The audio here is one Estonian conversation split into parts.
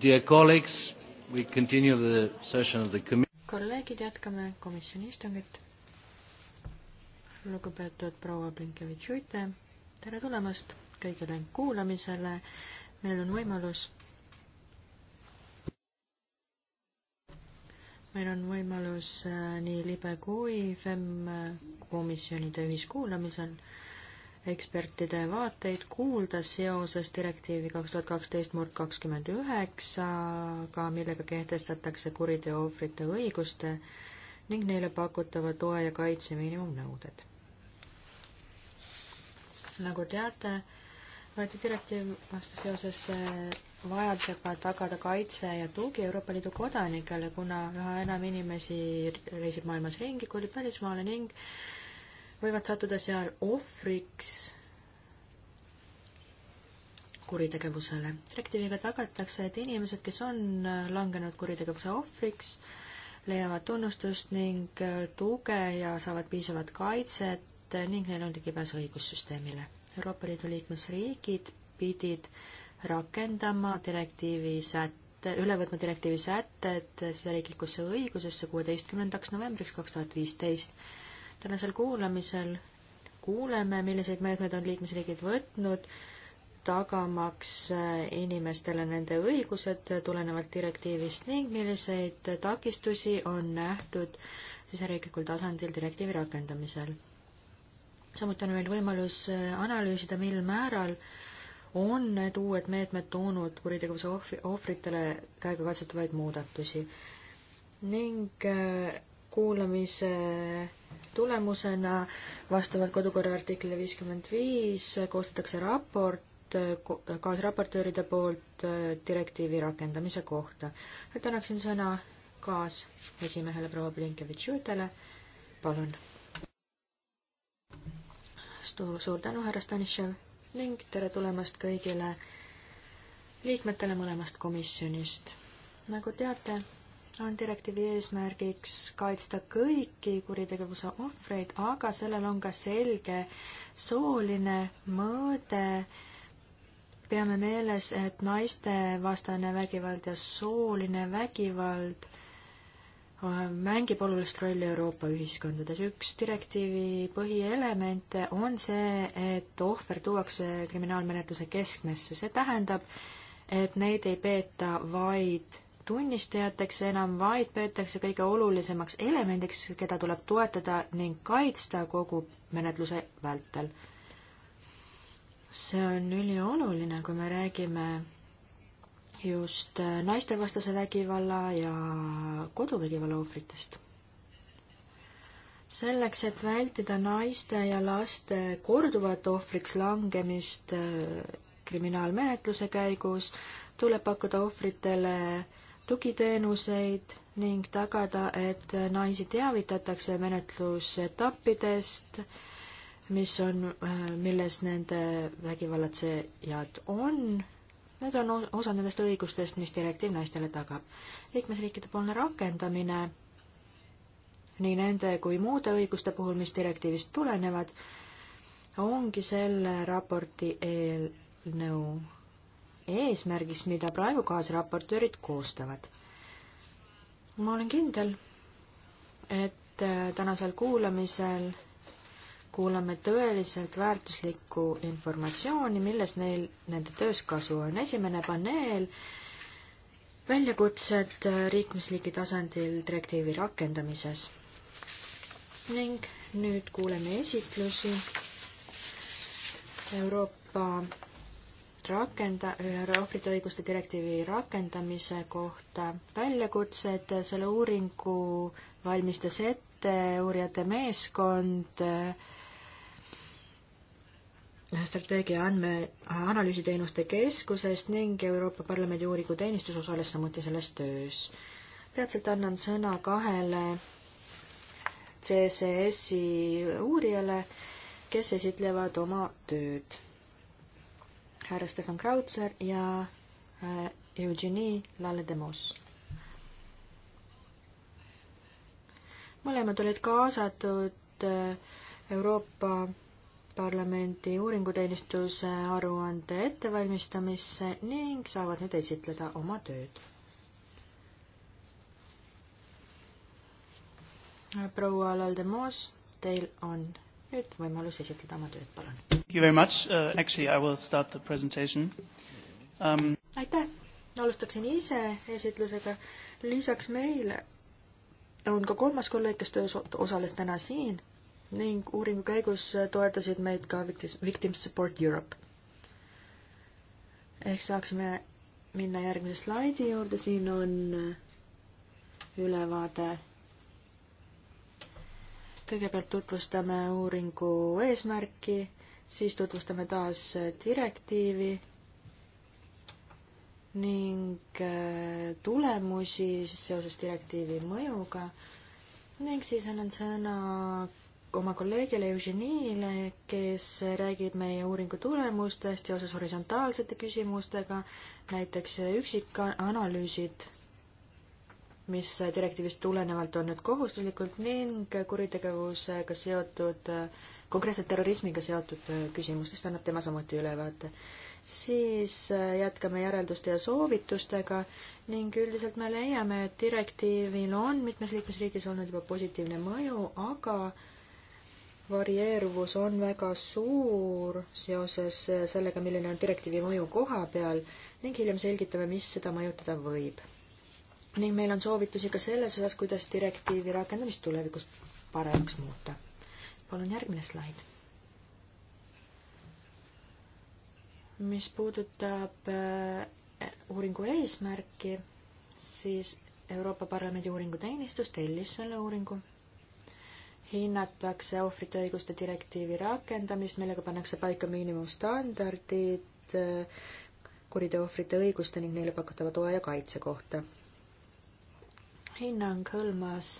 Dear colleagues, we continue the session of the committee. kolleegid, jätkame komisjoni istungit. lugupeetud proua Blinkevitš-Uite, tere tulemast kõigile kuulamisele. meil on võimalus meil on võimalus äh, nii libe kui FEM äh, komisjonide ühiskuulamisel äh, ekspertide vaateid kuulda seoses direktiivi kaks tuhat kaksteist murd kakskümmend üheksaga, millega kehtestatakse kuriteo ohvrite õiguste ning neile pakutava toe ja kaitse miinimumnõuded. nagu teate, võeti direktiiv vastu seoses eh, vajadusega tagada kaitse ja tugi Euroopa Liidu kodanikele, kuna üha enam inimesi reisib maailmas ringi, kolib välismaale ning võivad sattuda seal ohvriks kuritegevusele. direktiiviga tagatakse, et inimesed, kes on langenud kuritegevuse ohvriks, leiavad tunnustust ning tuge ja saavad piisavat kaitset ning neil on ligipääs õigussüsteemile. Euroopa Liidu liikmesriigid pidid rakendama direktiivi sätte, üle võtma direktiivi sätted siseriiklikusse õigusesse kuueteistkümnendaks novembriks kaks tuhat viisteist tänasel kuulamisel kuuleme, milliseid meetmeid on liikmesriigid võtnud, tagamaks äh, inimestele nende õigused tulenevalt direktiivist ning milliseid takistusi on nähtud siseriiklikul tasandil direktiivi rakendamisel. samuti on meil võimalus äh, analüüsida, mil määral on need uued meetmed toonud kuritegevuse ohvri, ohvritele käegakatsutavaid muudatusi ning äh, kuulamise tulemusena vastavalt kodukorra artiklile viiskümmend viis koostatakse raport kaasraportööride poolt äh, direktiivi rakendamise kohta. et annaksin sõna kaasesimehele proua Blinkevitš-Jutele, palun. suur tänu, härra Stanišev ning tere tulemast kõigile liikmetele mõlemast komisjonist. nagu teate, on direktiivi eesmärgiks kaitsta kõiki kuritegevuse ohvreid, aga sellel on ka selge sooline mõõde. peame meeles, et naistevastane vägivald ja sooline vägivald äh, mängib olulist rolli Euroopa ühiskondades. üks direktiivi põhielemente on see, et ohver tuuakse kriminaalmenetluse keskmesse. see tähendab, et neid ei peeta vaid tunnistajateks enam, vaid peetakse kõige olulisemaks elemendiks, keda tuleb toetada ning kaitsta kogu menetluse vältel. see on ülioluline, kui me räägime just äh, naistevastase vägivalla ja koduvägivalla ohvritest. selleks, et vältida naiste ja laste korduvat ohvriks langemist äh, kriminaalmenetluse käigus, tuleb pakkuda ohvritele tugiteenuseid ning tagada, et naisi teavitatakse menetlusetappidest, mis on, milles nende vägivallatsejad on. Need on osa nendest õigustest, mis direktiiv naistele tagab. liikmesriikide poolne rakendamine nii nende kui muude õiguste puhul, mis direktiivist tulenevad, ongi selle raporti eelnõu eesmärgist, mida praegu kaasraportöörid koostavad. ma olen kindel, et äh, tänasel kuulamisel kuulame tõeliselt väärtuslikku informatsiooni, milles neil, nende töös kasu on. esimene paneel, väljakutsed liikmesriigi äh, tasandil direktiivi rakendamises. ning nüüd kuuleme esitlusi Euroopa rakenda, ohvrite õiguste direktiivi rakendamise kohta väljakutsed, selle uuringu valmistas ette uurijate meeskond, strateegia andme, analüüsiteenuste keskusest ning Euroopa Parlamendi uuringuteenistus osales samuti selles töös. peatselt annan sõna kahele CCS-i uurijale, kes esitlevad oma tööd härra Stefan Krautser ja äh, Eugenie Lalle-Demos. mõlemad olid kaasatud äh, Euroopa Parlamendi uuringuteenistuse aruande ettevalmistamisse ning saavad nüüd esitleda oma tööd. proua Lalle-Demos, teil on nüüd võimalus esitleda oma tööd, palun Thank you very much uh,. Actually I will start the presentation um.... aitäh, alustaksin ise esitlusega. lisaks meile on ka kolmas kolleeg, kes töös osales täna siin ning uuringu käigus toetasid meid ka Victims Support Europe. ehk saaksime minna järgmise slaidi juurde, siin on ülevaade. kõigepealt tutvustame uuringu eesmärki siis tutvustame taas äh, direktiivi ning äh, tulemusi seoses direktiivi mõjuga ning siis annan sõna oma kolleegile Eugeniile, kes räägib meie uuringu tulemustest seoses horisontaalsete küsimustega, näiteks äh, üksikanalüüsid, mis direktiivist tulenevalt on nüüd kohustuslikud ning kuritegevusega seotud äh, konkreetselt terrorismiga seotud äh, küsimustest annab tema samuti ülevaate. siis äh, jätkame järelduste ja soovitustega ning üldiselt me leiame, et direktiivil on mitmes liikmesriigis olnud juba positiivne mõju, aga varieeruvus on väga suur seoses äh, sellega, milline on direktiivi mõju koha peal ning hiljem selgitame, mis seda mõjutada võib ning meil on soovitusi ka selles osas, kuidas direktiivi rakendamist tulevikus paremaks muuta palun järgmine slaid. mis puudutab äh, uuringu eesmärki, siis Euroopa Parlamendi uuringuteenistus tellis selle uuringu. hinnatakse ohvrite õiguste direktiivi rakendamist, millega pannakse paika miinimumstandardid äh, kuriteo ohvrite õiguste ning neile pakutava toe ja kaitse kohta. hinnang hõlmas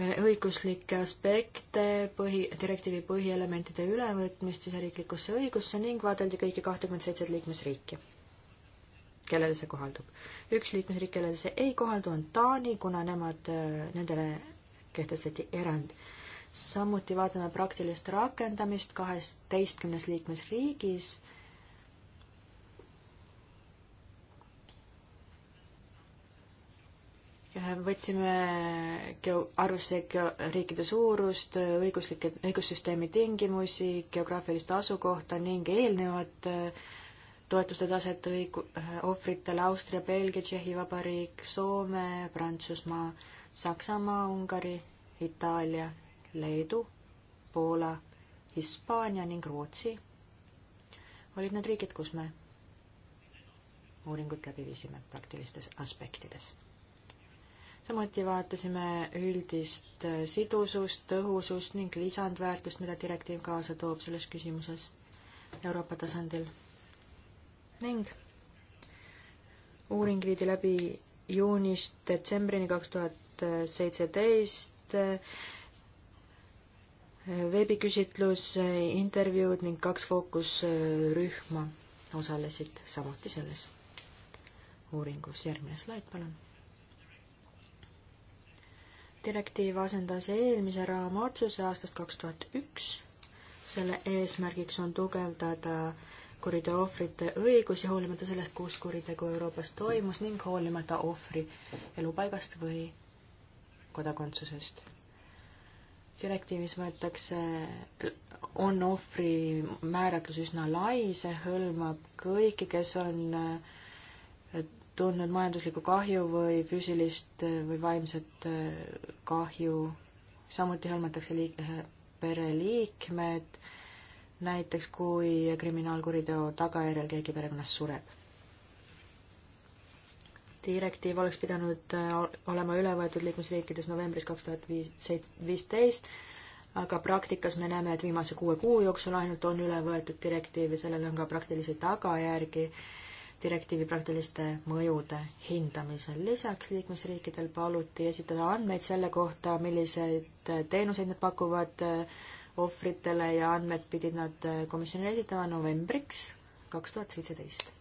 õiguslikke aspekte, põhi, direktiivi põhielementide ülevõtmist siseriiklikusse õigusse ning vaadeldi kõiki kahtekümmet seitset liikmesriiki, kellele see kohaldub. üks liikmesriik, kellele see ei kohaldu, on Taani, kuna nemad, nendele kehtestati erand. samuti vaatame praktilist rakendamist kaheteistkümnes liikmesriigis võtsime arvesse riikide suurust, õiguslike, õigussüsteemi tingimusi, geograafilist asukohta ning eelnevat äh, toetuste taset õigu-, äh, ohvritele Austria, Belgia, Tšehhi Vabariik, Soome, Prantsusmaa, Saksamaa, Ungari, Itaalia, Leedu, Poola, Hispaania ning Rootsi olid need riigid, kus me uuringut läbi viisime praktilistes aspektides samuti vaatasime üldist äh, sidusust, tõhusust ning lisandväärtust, mida direktiiv kaasa toob selles küsimuses Euroopa tasandil. ning uuring viidi läbi juunist detsembrini kaks tuhat seitseteist, äh, veebiküsitlus, intervjuud ning kaks fookusrühma osalesid samuti selles uuringus. järgmine slaid, palun direktiiv asendas eelmise raamotsuse aastast kaks tuhat üks. selle eesmärgiks on tugevdada kuriteo ohvrite õigusi, hoolimata sellest, kus kuritegu Euroopas toimus ning hoolimata ohvri elupaigast või kodakondsusest. direktiivis võetakse, on ohvri määratlus üsna lai, see hõlmab kõiki, kes on äh, tundnud majanduslikku kahju või füüsilist eh, või vaimset eh, kahju. samuti hõlmatakse liik-, pereliikmed, näiteks kui kriminaalkuriteo tagajärjel keegi perekonnas sureb. direktiiv oleks pidanud eh, olema üle võetud liikmesriikides novembris kaks tuhat viis, seit-, viisteist, aga praktikas me näeme, et viimase kuue kuu jooksul ainult on üle võetud direktiivi, sellel on ka praktilisi tagajärgi direktiivi praktiliste mõjude hindamisel. lisaks liikmesriikidel paluti esitada andmeid selle kohta, milliseid teenuseid nad pakuvad eh, ohvritele ja andmed pidid nad eh, komisjonile esitama novembriks kaks tuhat seitseteist.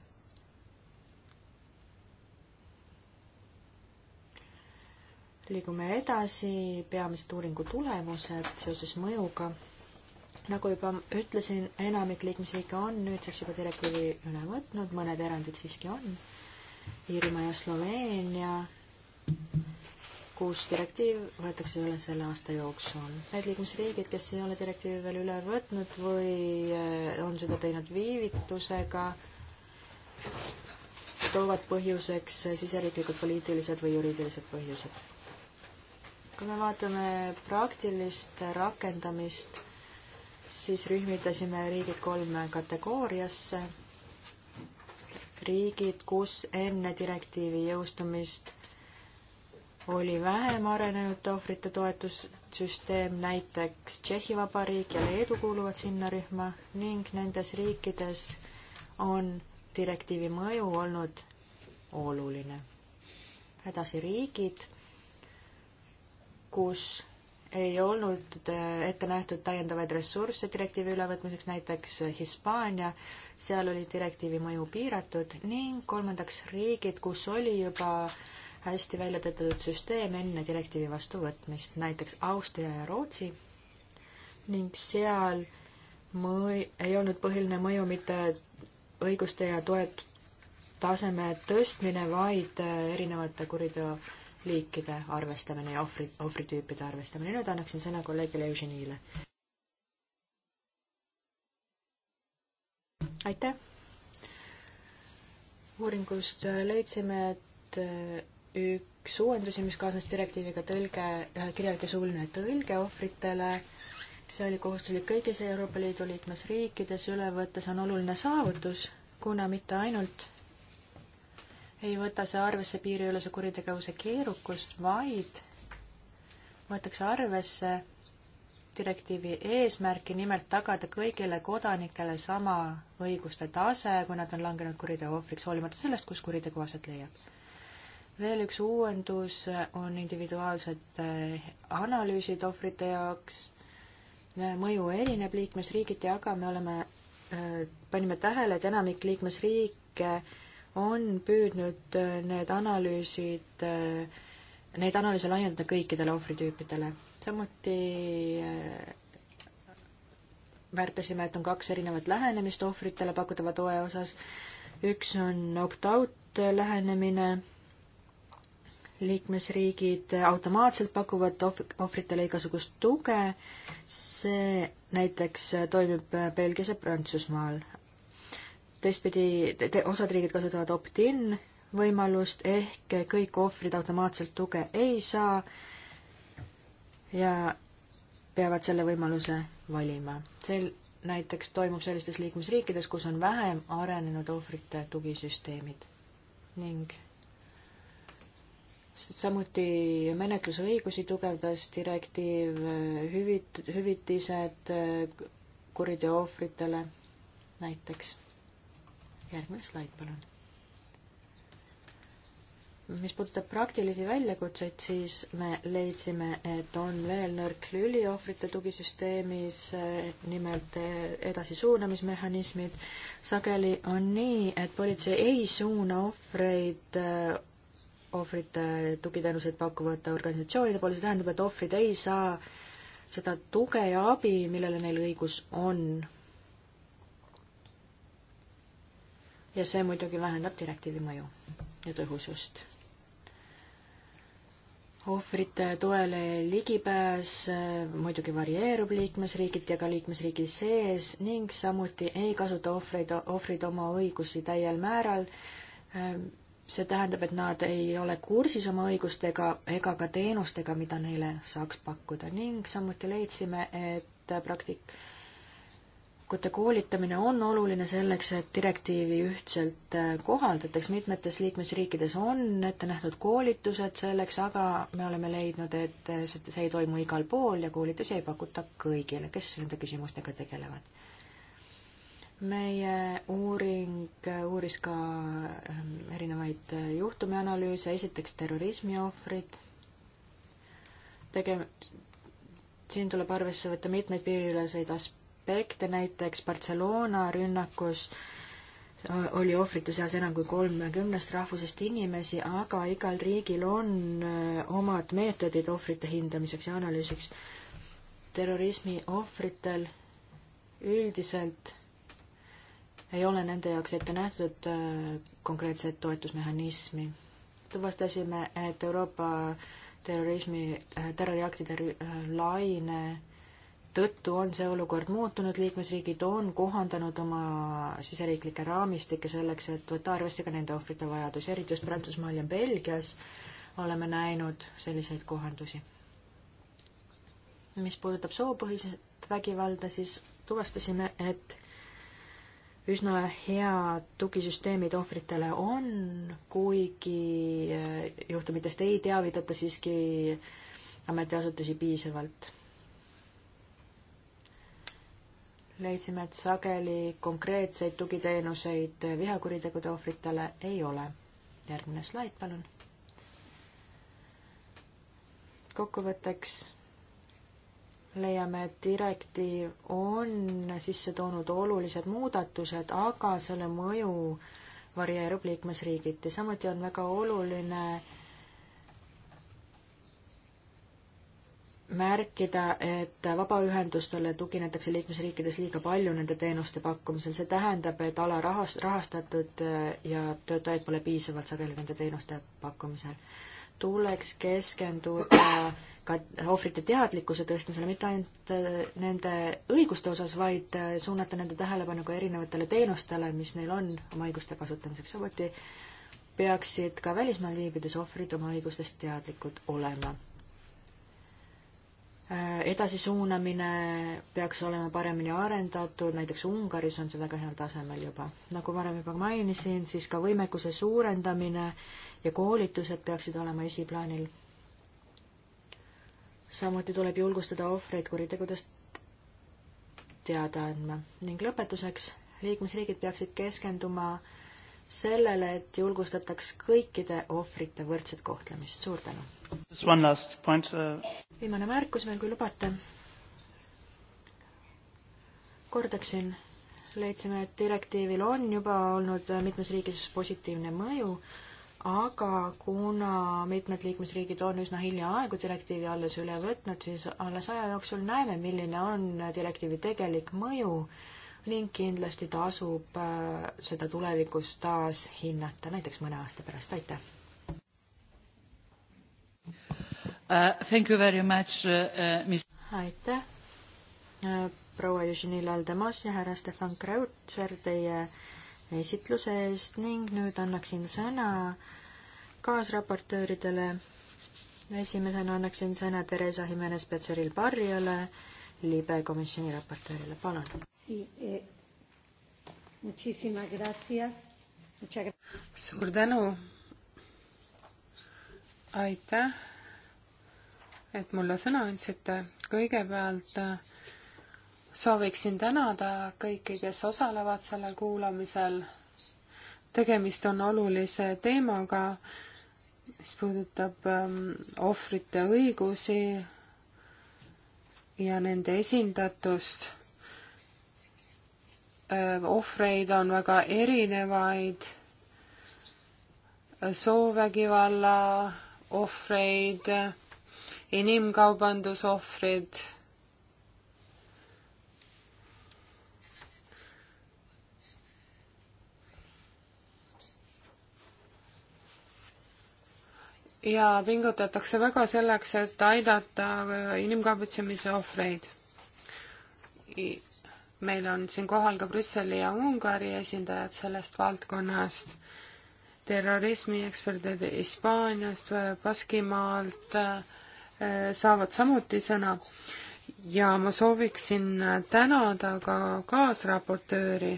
liigume edasi, peamised uuringu tulemused seoses mõjuga nagu juba ütlesin, enamik liikmesriike on nüüdseks juba direktiivi üle võtnud, mõned erandid siiski on. Iirimaa ja Sloveenia, kus direktiiv võetakse üle selle aasta jooksul. Need liikmesriigid, kes ei ole direktiivi veel üle võtnud või eh, on seda teinud viivitusega, toovad põhjuseks eh, siseriiklikud poliitilised või juriidilised põhjused. kui me vaatame praktilist rakendamist siis rühmitasime riigid kolme kategooriasse. riigid, kus enne direktiivi jõustumist oli vähem arenenud ohvrite toetussüsteem, näiteks Tšehhi Vabariik ja Leedu kuuluvad sinna rühma ning nendes riikides on direktiivi mõju olnud oluline. edasi riigid, kus ei olnud äh, ette nähtud täiendavaid ressursse direktiivi ülevõtmiseks, näiteks äh, Hispaania, seal oli direktiivi mõju piiratud ning kolmandaks riigid, kus oli juba hästi välja töötatud süsteem enne direktiivi vastuvõtmist, näiteks Austria ja Rootsi ning seal mõi-, ei olnud põhiline mõju mitte õiguste ja toet-, taseme tõstmine, vaid äh, erinevate kuriteo liikide arvestamine ja ohvri, ohvritüüpide arvestamine. nüüd annaksin sõna kolleegile Eugenile. aitäh! uuringust äh, leidsime, et äh, üks uuendusi, mis kaasnes direktiiviga tõlge, äh, kirjalik ja suuline tõlge ohvritele, see oli kohustuslik kõigis Euroopa Liidu liikmesriikides, üle võttes on oluline saavutus, kuna mitte ainult ei võta see arvesse piiriülese kuritegevuse keerukust, vaid võetakse arvesse direktiivi eesmärki nimelt tagada kõigile kodanikele sama õiguste tase, kui nad on langenud kuriteo ohvriks, hoolimata sellest, kus kuritegu aset leiab. veel üks uuendus on individuaalsed analüüsid ohvrite jaoks, mõju erineb liikmesriigiti, aga me oleme, äh, panime tähele, et enamik liikmesriike on püüdnud äh, need analüüsid, äh, neid analüüse laiendada kõikidele ohvritüüpidele. samuti äh, väärtusime, et on kaks erinevat lähenemist ohvritele pakutava toe osas. üks on opt-out lähenemine, liikmesriigid automaatselt pakuvad ohvritele igasugust tuge, see näiteks toimib Belgias ja Prantsusmaal, teistpidi te, osad riigid kasutavad opt-in võimalust ehk kõik ohvrid automaatselt tuge ei saa ja peavad selle võimaluse valima. sel näiteks toimub sellistes liikmesriikides, kus on vähem arenenud ohvrite tugisüsteemid ning samuti menetlusõigusi tugevdas direktiiv, hüvit-, hüvitised kuriteo ohvritele näiteks järgmine slaid, palun. mis puudutab praktilisi väljakutseid, siis me leidsime, et on veel nõrk lüli ohvrite tugisüsteemis, nimelt edasisuunamismehhanismid. sageli on nii, et politsei ei suuna ohvreid ohvrite tugiteenuseid pakkuvate organisatsioonide poole, see tähendab, et ohvrid ei saa seda tuge ja abi, millele neil õigus on ja see muidugi vähendab direktiivi mõju ja tõhusust. ohvrite toele ligipääs eh, muidugi varieerub liikmesriigiti ja ka liikmesriigi sees ning samuti ei kasuta ohvreid, ohvrid oma õigusi täiel määral. Eh, see tähendab, et nad ei ole kursis oma õigustega ega ka teenustega, mida neile saaks pakkuda ning samuti leidsime, et praktik-, kodanikute koolitamine on oluline selleks, et direktiivi ühtselt äh, kohaldataks, mitmetes liikmesriikides on ette nähtud koolitused selleks, aga me oleme leidnud, et äh, see ei toimu igal pool ja koolitusi ei pakuta kõigile, kes nende küsimustega tegelevad. meie uuring äh, uuris ka ähm, erinevaid juhtumianalüüse, esiteks terrorismi ohvrid, tege-, siin tuleb arvesse võtta mitmeid piiriüleseid as-, aspekte, näiteks Barcelona rünnakus oli ohvrite seas enam kui kolmekümnest rahvusest inimesi, aga igal riigil on äh, omad meetodid ohvrite hindamiseks ja analüüsiks. terrorismi ohvritel üldiselt ei ole nende jaoks ette nähtud äh, konkreetset toetusmehhanismi. tuvastasime, et Euroopa terrorismi, äh, terroriaktide laine tõttu on see olukord muutunud, liikmesriigid on kohandanud oma siseriiklikke raamistikke selleks, et võtta arvesse ka nende ohvrite vajadusi, eriti just Prantsusmaal ja Belgias oleme näinud selliseid kohandusi. mis puudutab soopõhiselt vägivalda, siis tuvastasime, et üsna head tugisüsteemid ohvritele on, kuigi eh, juhtumitest ei teavitata siiski ametiasutusi piisavalt leidsime, et sageli konkreetseid tugiteenuseid vihakuritegude ohvritele ei ole. järgmine slaid, palun. kokkuvõtteks leiame, et direktiiv on sisse toonud olulised muudatused, aga selle mõju varieerub liikmesriigiti. samuti on väga oluline märkida, et vabaühendustele tuginetakse liikmesriikides liiga palju nende teenuste pakkumisel, see tähendab, et alarahas-, rahastatud äh, ja töötajaid pole piisavalt sageli nende teenuste pakkumisel. tuleks keskenduda ka ohvrite teadlikkuse tõstmisele, mitte ainult äh, nende õiguste osas, vaid äh, suunata nende tähelepanu ka erinevatele teenustele, mis neil on oma õiguste kasutamiseks, samuti peaksid ka välismaal viibides ohvrid oma õigustest teadlikud olema Äh, edasisuunamine peaks olema paremini arendatud, näiteks Ungaris on see väga heal tasemel juba. nagu varem juba mainisin, siis ka võimekuse suurendamine ja koolitused peaksid olema esiplaanil. samuti tuleb julgustada ohvreid kuritegudest teada andma ning lõpetuseks, liikmesriigid peaksid keskenduma äh, sellele, et julgustataks kõikide ohvrite võrdset kohtlemist. suur tänu! Uh, viimane märkus veel, kui lubate. kordaksin, leidsime, et direktiivil on juba olnud mitmes riigis positiivne mõju, aga kuna mitmed liikmesriigid on üsna hiljaaegu direktiivi alles üle võtnud, siis alles aja jooksul näeme, milline on direktiivi tegelik mõju ning kindlasti tasub äh, seda tulevikus taas hinnata, näiteks mõne aasta pärast, aitäh! Uh, thank you very much uh,, uh mis aitäh uh,, proua Jüžinile Aldemas ja härra Stefan Kreutzer teie esitluse eest ning nüüd annaksin sõna kaasraportööridele. esimesena annaksin sõna Theresa Jimenez-Petseril Barriale, libe komisjoni raportöörile, palun Sí, eh, muchísimas gracias. Muchas gracias. suur tänu. aitäh, et mulle sõna andsite. kõigepealt äh, sooviksin tänada kõiki, kes osalevad sellel kuulamisel. tegemist on olulise teemaga, mis puudutab ähm, ohvrite õigusi ja nende esindatust Äh, ohvreid on väga erinevaid, äh, soovägivalla ohvreid, inimkaubandusohvrid ja pingutatakse väga selleks, et aidata äh, inimkaubitsemise ohvreid meil on siin kohal ka Brüsseli ja Ungari esindajad sellest valdkonnast, terrorismieksperdid Hispaaniast, Baskimaalt eh, saavad samuti sõna ja ma sooviksin tänada ka kaasraportööri.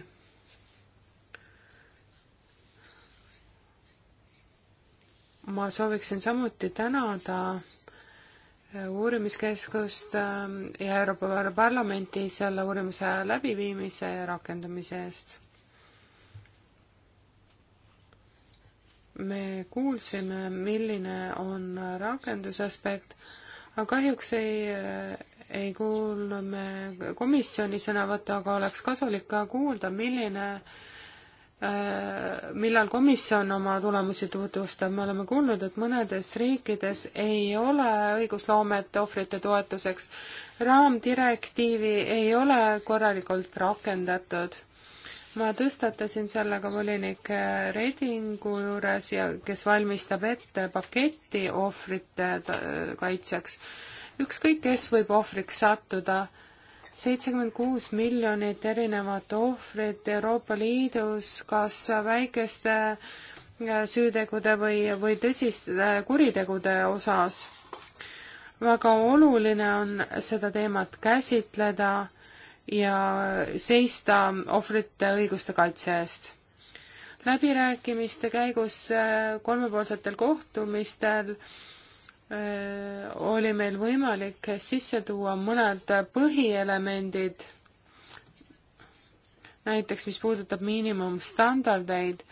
ma sooviksin samuti tänada uurimiskeskust ähm, ja Euroopa Parlamenti selle uurimuse läbiviimise ja rakendamise eest. me kuulsime, milline on rakendusaspekt, aga kahjuks ei, ei kuulnud me komisjoni sõnavõttu, aga oleks kasulik ka kuulda, milline äh, millal komisjon oma tulemusi tutvustab, me oleme kuulnud, et mõnedes riikides ei ole õigusloomet ohvrite toetuseks, raamdirektiivi ei ole korralikult rakendatud. ma tõstatasin selle ka volinik Redingu juures ja kes valmistab ette paketti ohvrite kaitseks. ükskõik, kes võib ohvriks sattuda seitsekümmend kuus miljonit erinevat ohvrit Euroopa Liidus, kas väikeste äh, süütegude või, või tõsiste äh, kuritegude osas. väga oluline on seda teemat käsitleda ja seista ohvrite õiguste kaitse eest. läbirääkimiste käigus äh, kolmepoolsetel kohtumistel äh, oli meil võimalik sisse tuua mõned põhielemendid, näiteks mis puudutab miinimumstandardeid,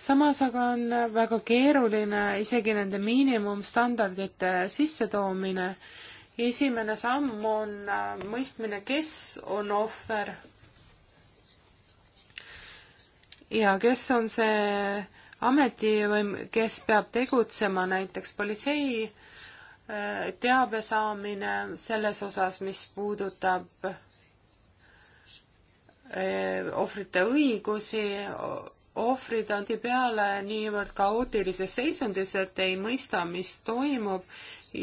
samas aga on väga keeruline isegi nende miinimumstandardite sissetoomine. esimene samm on mõistmine, kes on ohver ja kes on see ameti või kes peab tegutsema näiteks politsei teabe saamine selles osas, mis puudutab eh, ohvrite õigusi, ohvrid on tihtipeale niivõrd kaootilises seisundis, et ei mõista, mis toimub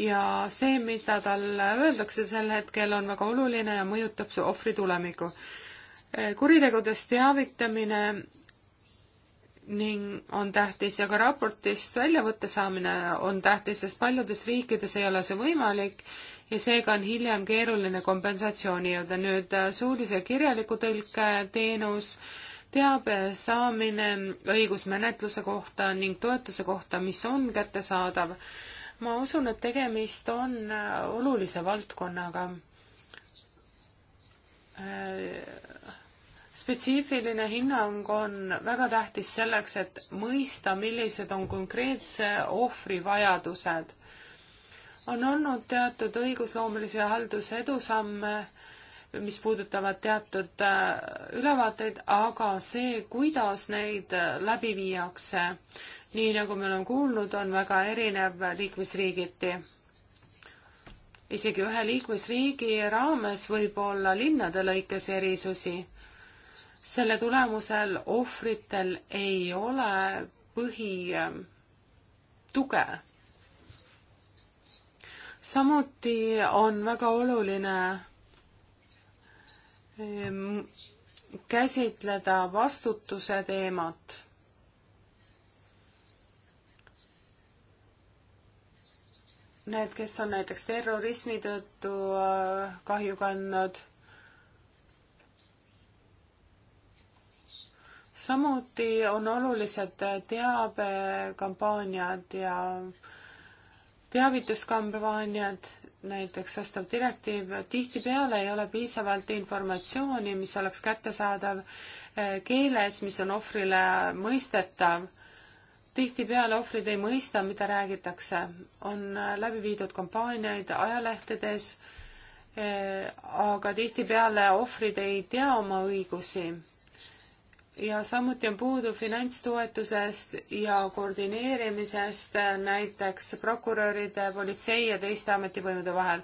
ja see, mida talle öeldakse sel hetkel, on väga oluline ja mõjutab ohvri tulevikku. Eh, kuritegudest teavitamine ning on tähtis ja ka raportist väljavõtte saamine on tähtis, sest paljudes riikides ei ole see võimalik ja seega on hiljem keeruline kompensatsiooni jõuda. nüüd äh, suulise kirjaliku tõlke teenus, teabe saamine õigusmenetluse kohta ning toetuse kohta, mis on kättesaadav. ma usun, et tegemist on äh, olulise valdkonnaga äh, spetsiifiline hinnang on väga tähtis selleks, et mõista, millised on konkreetse ohvri vajadused. on olnud teatud õigusloomelisi ja haldusedusamme, mis puudutavad teatud äh, ülevaateid, aga see, kuidas neid äh, läbi viiakse, nii nagu me oleme kuulnud, on väga erinev liikmesriigiti. isegi ühe liikmesriigi raames võib olla linnade lõikes erisusi selle tulemusel ohvritel ei ole põhituge. Ähm, samuti on väga oluline ähm, käsitleda vastutuse teemat need, kes on näiteks terrorismi tõttu äh, kahju kandnud, samuti on olulised teabekampaaniad ja teavituskampaaniad, näiteks vastav direktiiv, tihtipeale ei ole piisavalt informatsiooni, mis oleks kättesaadav eh, keeles, mis on ohvrile mõistetav. tihtipeale ohvrid ei mõista, mida räägitakse. on eh, läbi viidud kampaaniaid ajalehtedes, eh, aga tihtipeale ohvrid ei tea oma õigusi ja samuti on puudu finantstoetusest ja koordineerimisest äh, näiteks prokuröride, politsei ja teiste ametivõimude vahel.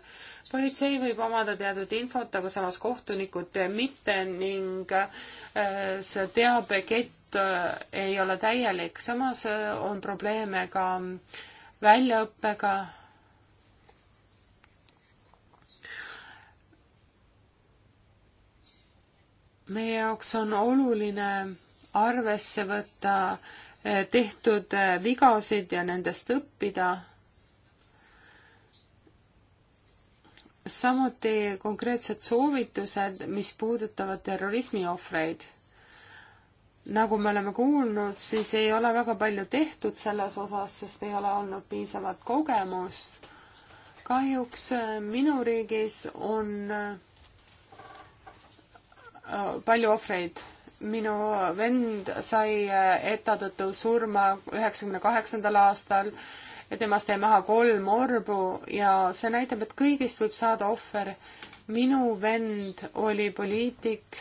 politsei võib omada teatud infot, aga samas kohtunikud mitte ning äh, see teabekett äh, ei ole täielik. samas on probleeme ka väljaõppega meie jaoks on oluline arvesse võtta eh, tehtud eh, vigasid ja nendest õppida. samuti konkreetsed soovitused, mis puudutavad terrorismiohvreid. nagu me oleme kuulnud, siis ei ole väga palju tehtud selles osas, sest ei ole olnud piisavat kogemust. kahjuks eh, minu riigis on palju ohvreid. minu vend sai äh, ETA tõttu surma üheksakümne kaheksandal aastal ja temast jäi maha kolm orbu ja see näitab, et kõigist võib saada ohver. minu vend oli poliitik,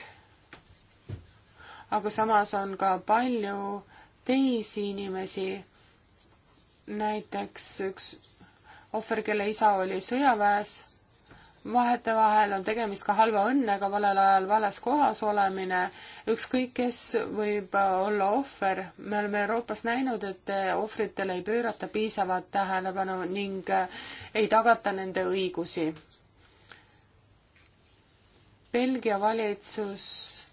aga samas on ka palju teisi inimesi, näiteks üks ohver, kelle isa oli sõjaväes vahetevahel on tegemist ka halva õnnega, valel ajal vales kohas olemine, ükskõik kes võib olla ohver. me oleme Euroopas näinud, et ohvritele ei pöörata piisavat tähelepanu ning äh, ei tagata nende õigusi. Belgia valitsus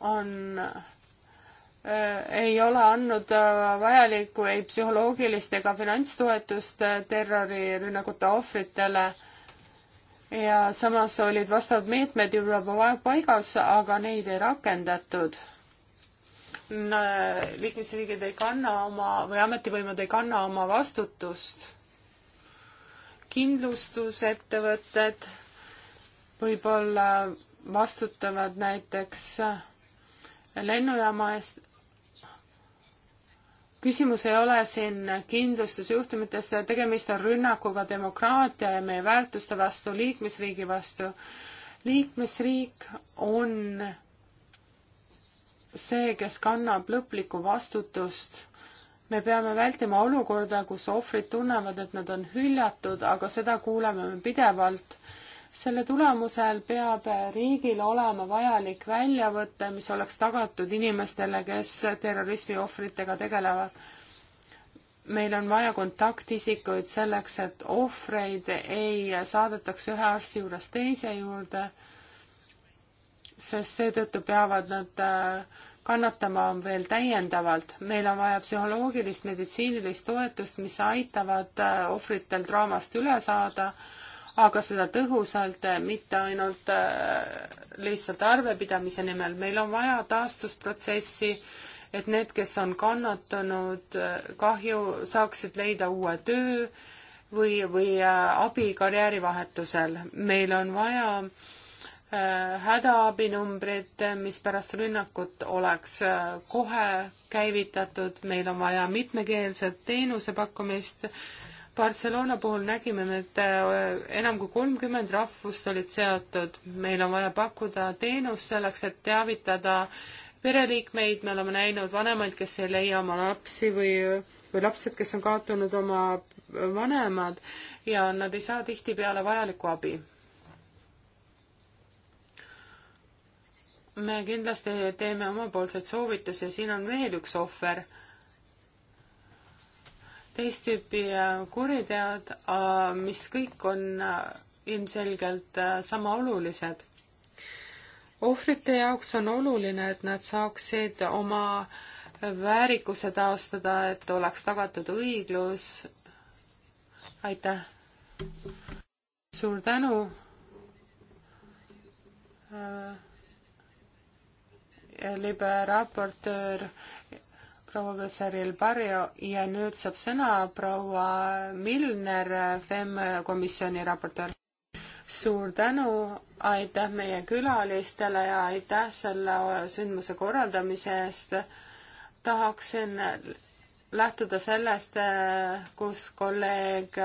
on Äh, ei ole andnud äh, vajalikku ei psühholoogilist ega finantstoetust äh, terrorirünnakute ohvritele ja samas olid vastavad meetmed juba paigas, aga neid ei rakendatud. liikmesriigid ei kanna oma või ametivõimud ei kanna oma vastutust. kindlustusettevõtted võib-olla vastutavad näiteks lennujaama eest, küsimus ei ole siin kindlustusjuhtumites, tegemist on rünnakuga demokraatia ja meie väärtuste vastu, liikmesriigi vastu. liikmesriik on see, kes kannab lõplikku vastutust. me peame vältima olukorda, kus ohvrid tunnevad, et nad on hüljatud, aga seda kuuleme me pidevalt selle tulemusel peab riigil olema vajalik väljavõte, mis oleks tagatud inimestele, kes terrorismi ohvritega tegelevad. meil on vaja kontaktisikuid selleks, et ohvreid ei saadetaks ühe arsti juurest teise juurde, sest seetõttu peavad nad äh, kannatama veel täiendavalt. meil on vaja psühholoogilist, meditsiinilist toetust, mis aitavad äh, ohvritel draamast üle saada aga seda tõhusalt, mitte ainult äh, lihtsalt arvepidamise nimel, meil on vaja taastusprotsessi, et need, kes on kannatanud äh, kahju, saaksid leida uue töö või, või äh, abi karjäärivahetusel. meil on vaja hädaabinumbrid, mis pärast rünnakut oleks kohe käivitatud, meil on vaja mitmekeelset teenuse pakkumist, Barcelona puhul nägime me, et äh, enam kui kolmkümmend rahvust olid seotud, meil on vaja pakkuda teenust selleks, et teavitada pereliikmeid, me oleme näinud vanemaid, kes ei leia oma lapsi või, või lapsed, kes on kaotanud oma vanemad ja nad ei saa tihtipeale vajalikku abi. me kindlasti teeme omapoolseid soovitusi, siin on veel üks ohver teist tüüpi äh, kuriteod, äh, mis kõik on äh, ilmselgelt sama olulised. ohvrite jaoks on oluline, et nad saaksid oma väärikuse taastada, et oleks tagatud õiglus. aitäh! suur tänu! libe raportöör proua Kasaril Barrio ja nüüd saab sõna proua Milner, FEM komisjoni raportöör. suur tänu, aitäh meie külalistele ja aitäh selle sündmuse korraldamise eest. tahaksin lähtuda sellest, kus kolleeg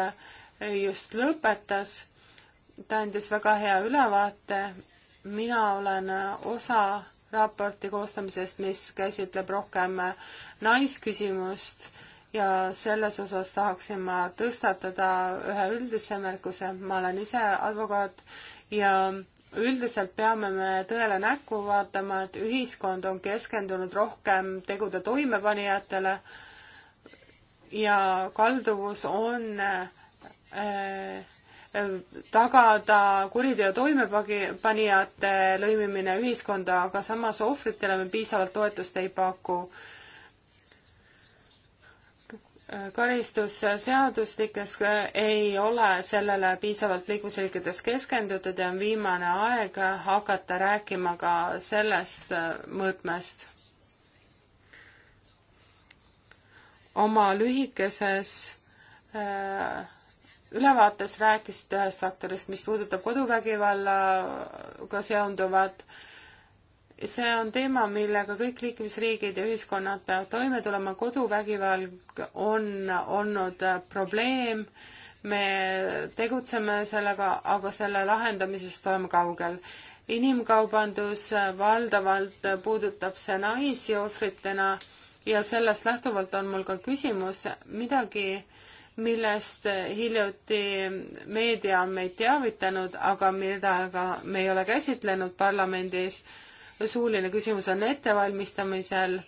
just lõpetas. ta andis väga hea ülevaate. mina olen osa raporti koostamisest, mis käsitleb rohkem naisküsimust ja selles osas tahaksin ma tõstatada ühe üldise märkuse. ma olen ise advokaat ja üldiselt peame me tõele näkku vaatama, et ühiskond on keskendunud rohkem tegude toimepanijatele ja kalduvus on äh, tagada kuriteo toimepanijate lõimimine ühiskonda, aga samas ohvritele me piisavalt toetust ei paku. karistusseadustikes ei ole sellele piisavalt liikmesriikides keskendutud ja on viimane aeg hakata rääkima ka sellest mõõtmest. oma lühikeses äh, ülevaates rääkisite ühest faktorist, mis puudutab koduvägivallaga seonduvat. see on teema, millega kõik liikmesriigid ja ühiskonnad peavad toime tulema. koduvägivald on olnud probleem. me tegutseme sellega, aga selle lahendamisest oleme kaugel. inimkaubandus valdavalt puudutab see naisi ohvritena ja sellest lähtuvalt on mul ka küsimus, midagi äh, millest hiljuti meedia on meid teavitanud, aga mida ka me ei ole käsitlenud parlamendis. suuline küsimus on ettevalmistamisel,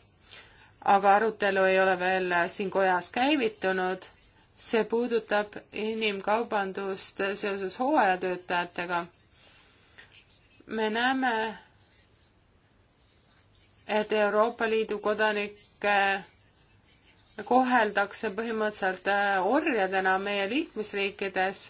aga arutelu ei ole veel siin kojas käivitunud. see puudutab inimkaubandust seoses hooajatöötajatega. me näeme, et Euroopa Liidu kodanike koheldakse põhimõtteliselt äh, orjadena meie liikmesriikides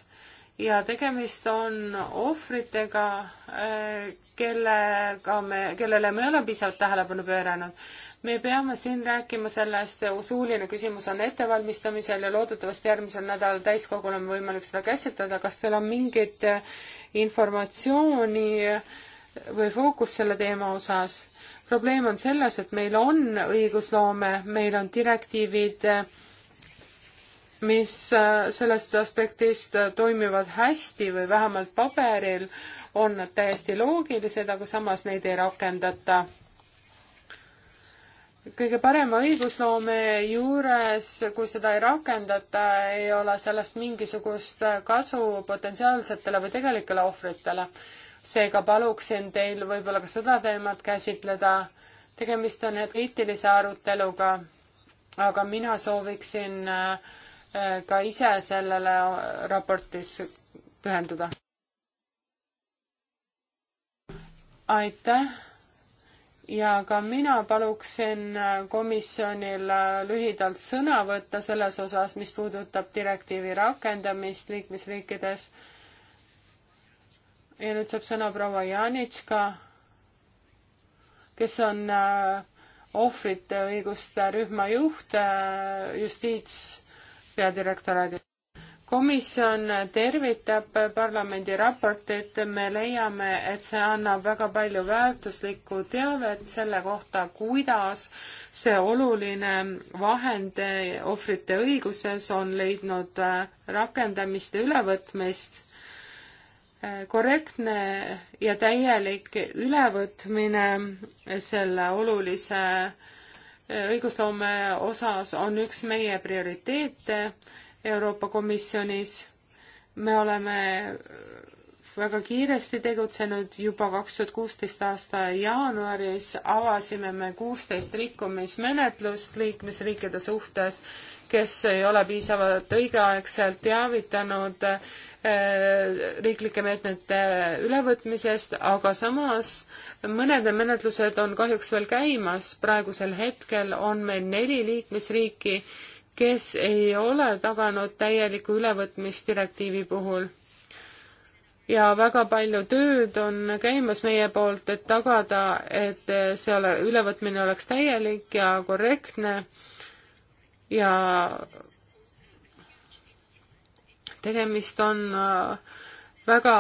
ja tegemist on ohvritega, äh, kellega me, kellele me ei ole piisavalt tähelepanu pööranud. me peame siin rääkima sellest, äh, suuline küsimus on ettevalmistamisel ja loodetavasti järgmisel nädalal täiskogul on võimalik seda käsitleda. kas teil on mingit informatsiooni või fookus selle teema osas? probleem on selles, et meil on õigusloome, meil on direktiivid, mis äh, sellest aspektist toimivad hästi või vähemalt paberil, on nad täiesti loogilised, aga samas neid ei rakendata. kõige parema õigusloome juures, kui seda ei rakendata, ei ole sellest mingisugust kasu potentsiaalsetele või tegelikele ohvritele seega paluksin teil võib-olla ka seda teemat käsitleda. tegemist on kriitilise aruteluga, aga mina sooviksin äh, ka ise sellele raportis pühenduda. aitäh ja ka mina paluksin äh, komisjonil äh, lühidalt sõna võtta selles osas, mis puudutab direktiivi rakendamist liikmesriikides ja nüüd saab sõna proua Janitška, kes on äh, ohvrite õiguste rühma juht äh, justiits peadirektoraadi. komisjon tervitab parlamendi raportit, me leiame, et see annab väga palju väärtuslikku teavet selle kohta, kuidas see oluline vahend ohvrite õiguses on leidnud äh, rakendamist ja ülevõtmist korrektne ja täielik ülevõtmine selle olulise äh, õigusloome osas on üks meie prioriteete Euroopa Komisjonis. me oleme väga kiiresti tegutsenud, juba kaks tuhat kuusteist aasta jaanuaris avasime me kuusteist rikkumismenetlust liikmesriikide suhtes kes ei ole piisavalt õigeaegselt teavitanud eh, riiklike meetmete ülevõtmisest, aga samas mõned menetlused on kahjuks veel käimas, praegusel hetkel on meil neli liikmesriiki, kes ei ole taganud täielikku ülevõtmist direktiivi puhul ja väga palju tööd on käimas meie poolt, et tagada, et see ole, ülevõtmine oleks täielik ja korrektne ja tegemist on äh, väga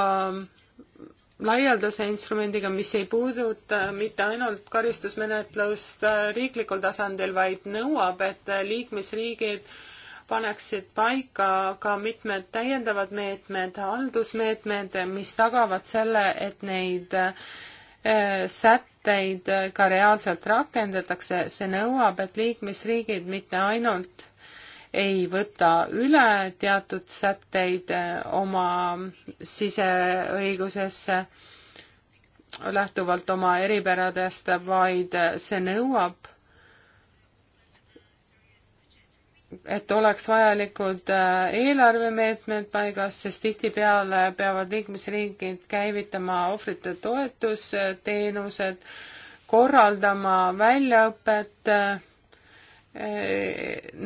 laialdase instrumendiga, mis ei puuduta mitte ainult karistusmenetlust äh, riiklikul tasandil, vaid nõuab, et äh, liikmesriigid paneksid paika ka mitmed täiendavad meetmed, haldusmeetmed, mis tagavad selle, et neid sät-, sätteid äh, ka reaalselt rakendatakse, see nõuab, et liikmesriigid mitte ainult ei võta üle teatud sätteid äh, oma siseõigusesse lähtuvalt oma eripäradest, vaid äh, see nõuab et oleks vajalikud äh, eelarvemeetmed paigas, sest tihtipeale peavad liikmesriigid käivitama ohvrite toetusteenused, korraldama väljaõpet äh,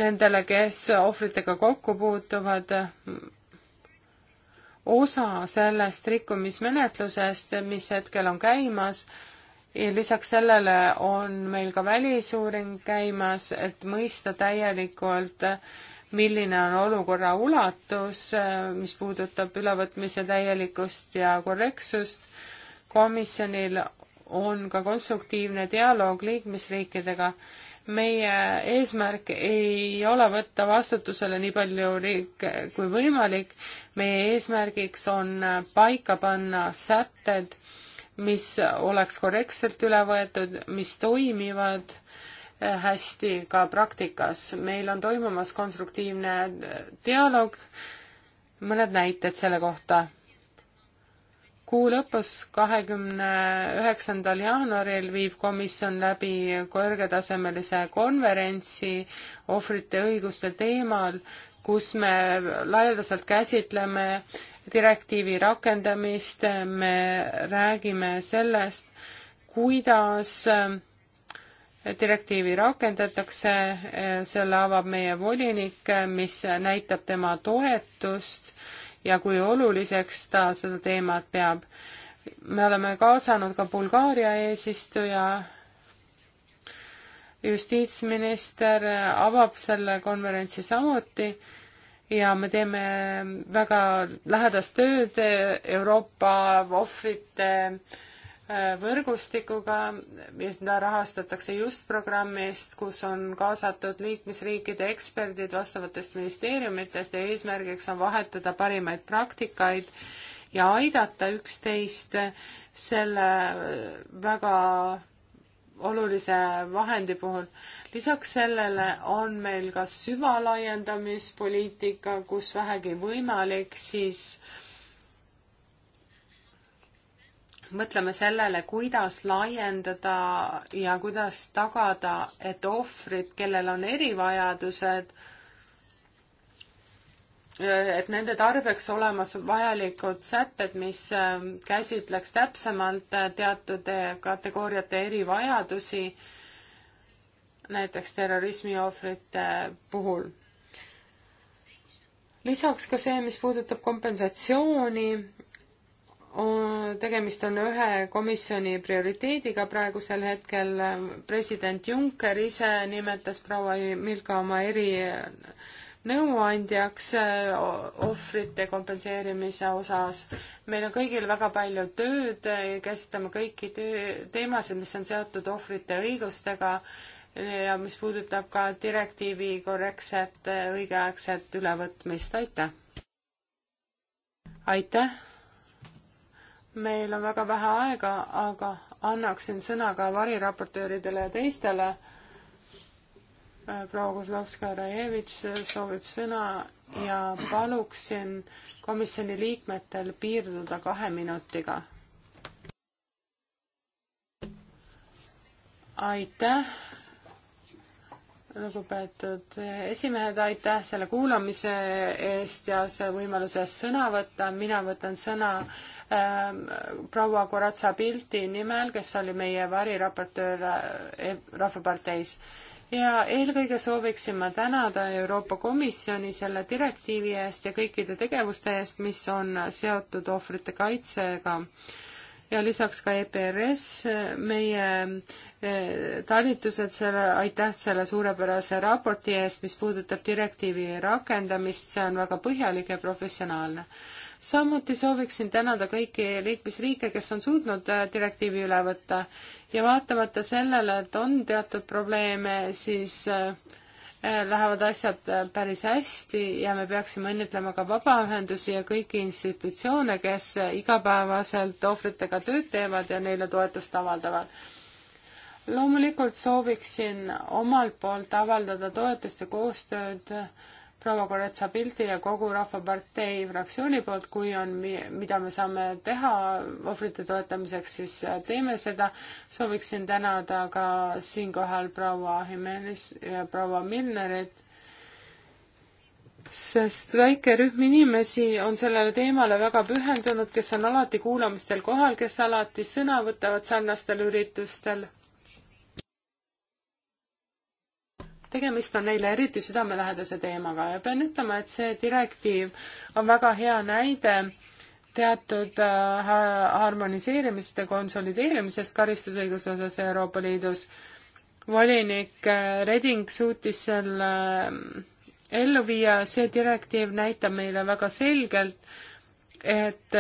nendele, kes ohvritega kokku puutuvad. osa sellest rikkumismenetlusest, mis hetkel on käimas, lisaks sellele on meil ka välisuuring käimas, et mõista täielikult, milline on olukorra ulatus, mis puudutab ülevõtmise täielikkust ja korrektsust. komisjonil on ka konstruktiivne dialoog liikmesriikidega. meie eesmärk ei ole võtta vastutusele nii palju riike kui võimalik, meie eesmärgiks on paika panna sätted, mis oleks korrektselt üle võetud, mis toimivad eh, hästi ka praktikas. meil on toimumas konstruktiivne eh, dialoog, mõned näited selle kohta. kuu lõpus, kahekümne üheksandal jaanuaril viib komisjon läbi kõrgetasemelise konverentsi ohvrite õiguste teemal, kus me laialdaselt käsitleme direktiivi rakendamist, me räägime sellest, kuidas äh, direktiivi rakendatakse, äh, selle avab meie volinik, äh, mis näitab tema toetust ja kui oluliseks ta seda teemat peab. me oleme kaasanud ka Bulgaaria eesistuja, justiitsminister avab selle konverentsi samuti ja me teeme väga lähedast tööd Euroopa ohvrite äh, võrgustikuga ja seda rahastatakse just programmist, kus on kaasatud liikmesriikide eksperdid vastavatest ministeeriumitest ja eesmärgiks on vahetada parimaid praktikaid ja aidata üksteist selle väga olulise vahendi puhul. lisaks sellele on meil ka süvalaiendamispoliitika, kus vähegi võimalik, siis mõtleme sellele, kuidas laiendada ja kuidas tagada, et ohvrid, kellel on erivajadused, et nende tarbeks olemas vajalikud sätted, mis äh, käsitleks täpsemalt äh, teatud äh, kategooriate erivajadusi, näiteks terrorismiohvrite puhul. lisaks ka see, mis puudutab kompensatsiooni, tegemist on ühe komisjoni prioriteediga praegusel hetkel. president Juncker ise nimetas proua Milka oma eri nõuandjaks äh, ohvrite kompenseerimise osas. meil on kõigil väga palju tööd, äh, käsitleme kõiki töö, teemasid, mis on seotud ohvrite õigustega ja mis puudutab ka direktiivi korrektset äh, õigeaegset ülevõtmist, aitäh! aitäh! meil on väga vähe aega, aga annaksin sõna ka variraportööridele ja teistele proua Kozlovskaja-Rajevitš soovib sõna ja paluksin komisjoni liikmetel piirduda kahe minutiga. aitäh, lugupeetud esimehed, aitäh selle kuulamise eest ja see võimaluse eest sõna võtta, mina võtan sõna ähm, proua Koratsa Pilti nimel, kes oli meie variraportöör äh, Rahvaparteis ja eelkõige sooviksin ma tänada Euroopa Komisjoni selle direktiivi eest ja kõikide tegevuste eest, mis on seotud ohvrite kaitsega. ja lisaks ka EPRS, meie eh, talitused selle, aitäh selle suurepärase raporti eest, mis puudutab direktiivi rakendamist, see on väga põhjalik ja professionaalne samuti sooviksin tänada kõiki liikmesriike, kes on suutnud eh, direktiivi üle võtta ja vaatamata sellele, et on teatud probleeme, siis äh, lähevad asjad äh, päris hästi ja me peaksime õnnitlema ka vabaühendusi ja kõiki institutsioone, kes äh, igapäevaselt ohvritega tööd teevad ja neile toetust avaldavad. loomulikult sooviksin omalt poolt avaldada toetust ja koostööd äh, proua Koretsa pildi ja kogu Rahvapartei fraktsiooni poolt, kui on, mida me saame teha ohvrite toetamiseks, siis äh, teeme seda. sooviksin tänada ka siinkohal proua Jimenez ja proua Milnerit sest väike rühm inimesi on sellele teemale väga pühendunud, kes on alati kuulamistel kohal, kes alati sõna võtavad sarnastel üritustel. tegemist on neile eriti südamelähedase teemaga ja pean ütlema, et see direktiiv on väga hea näide teatud äh, harmoniseerimisest ja konsolideerimisest karistusõiguse osas Euroopa Liidus. volinik äh, Reding suutis selle äh, ellu viia, see direktiiv näitab meile väga selgelt, et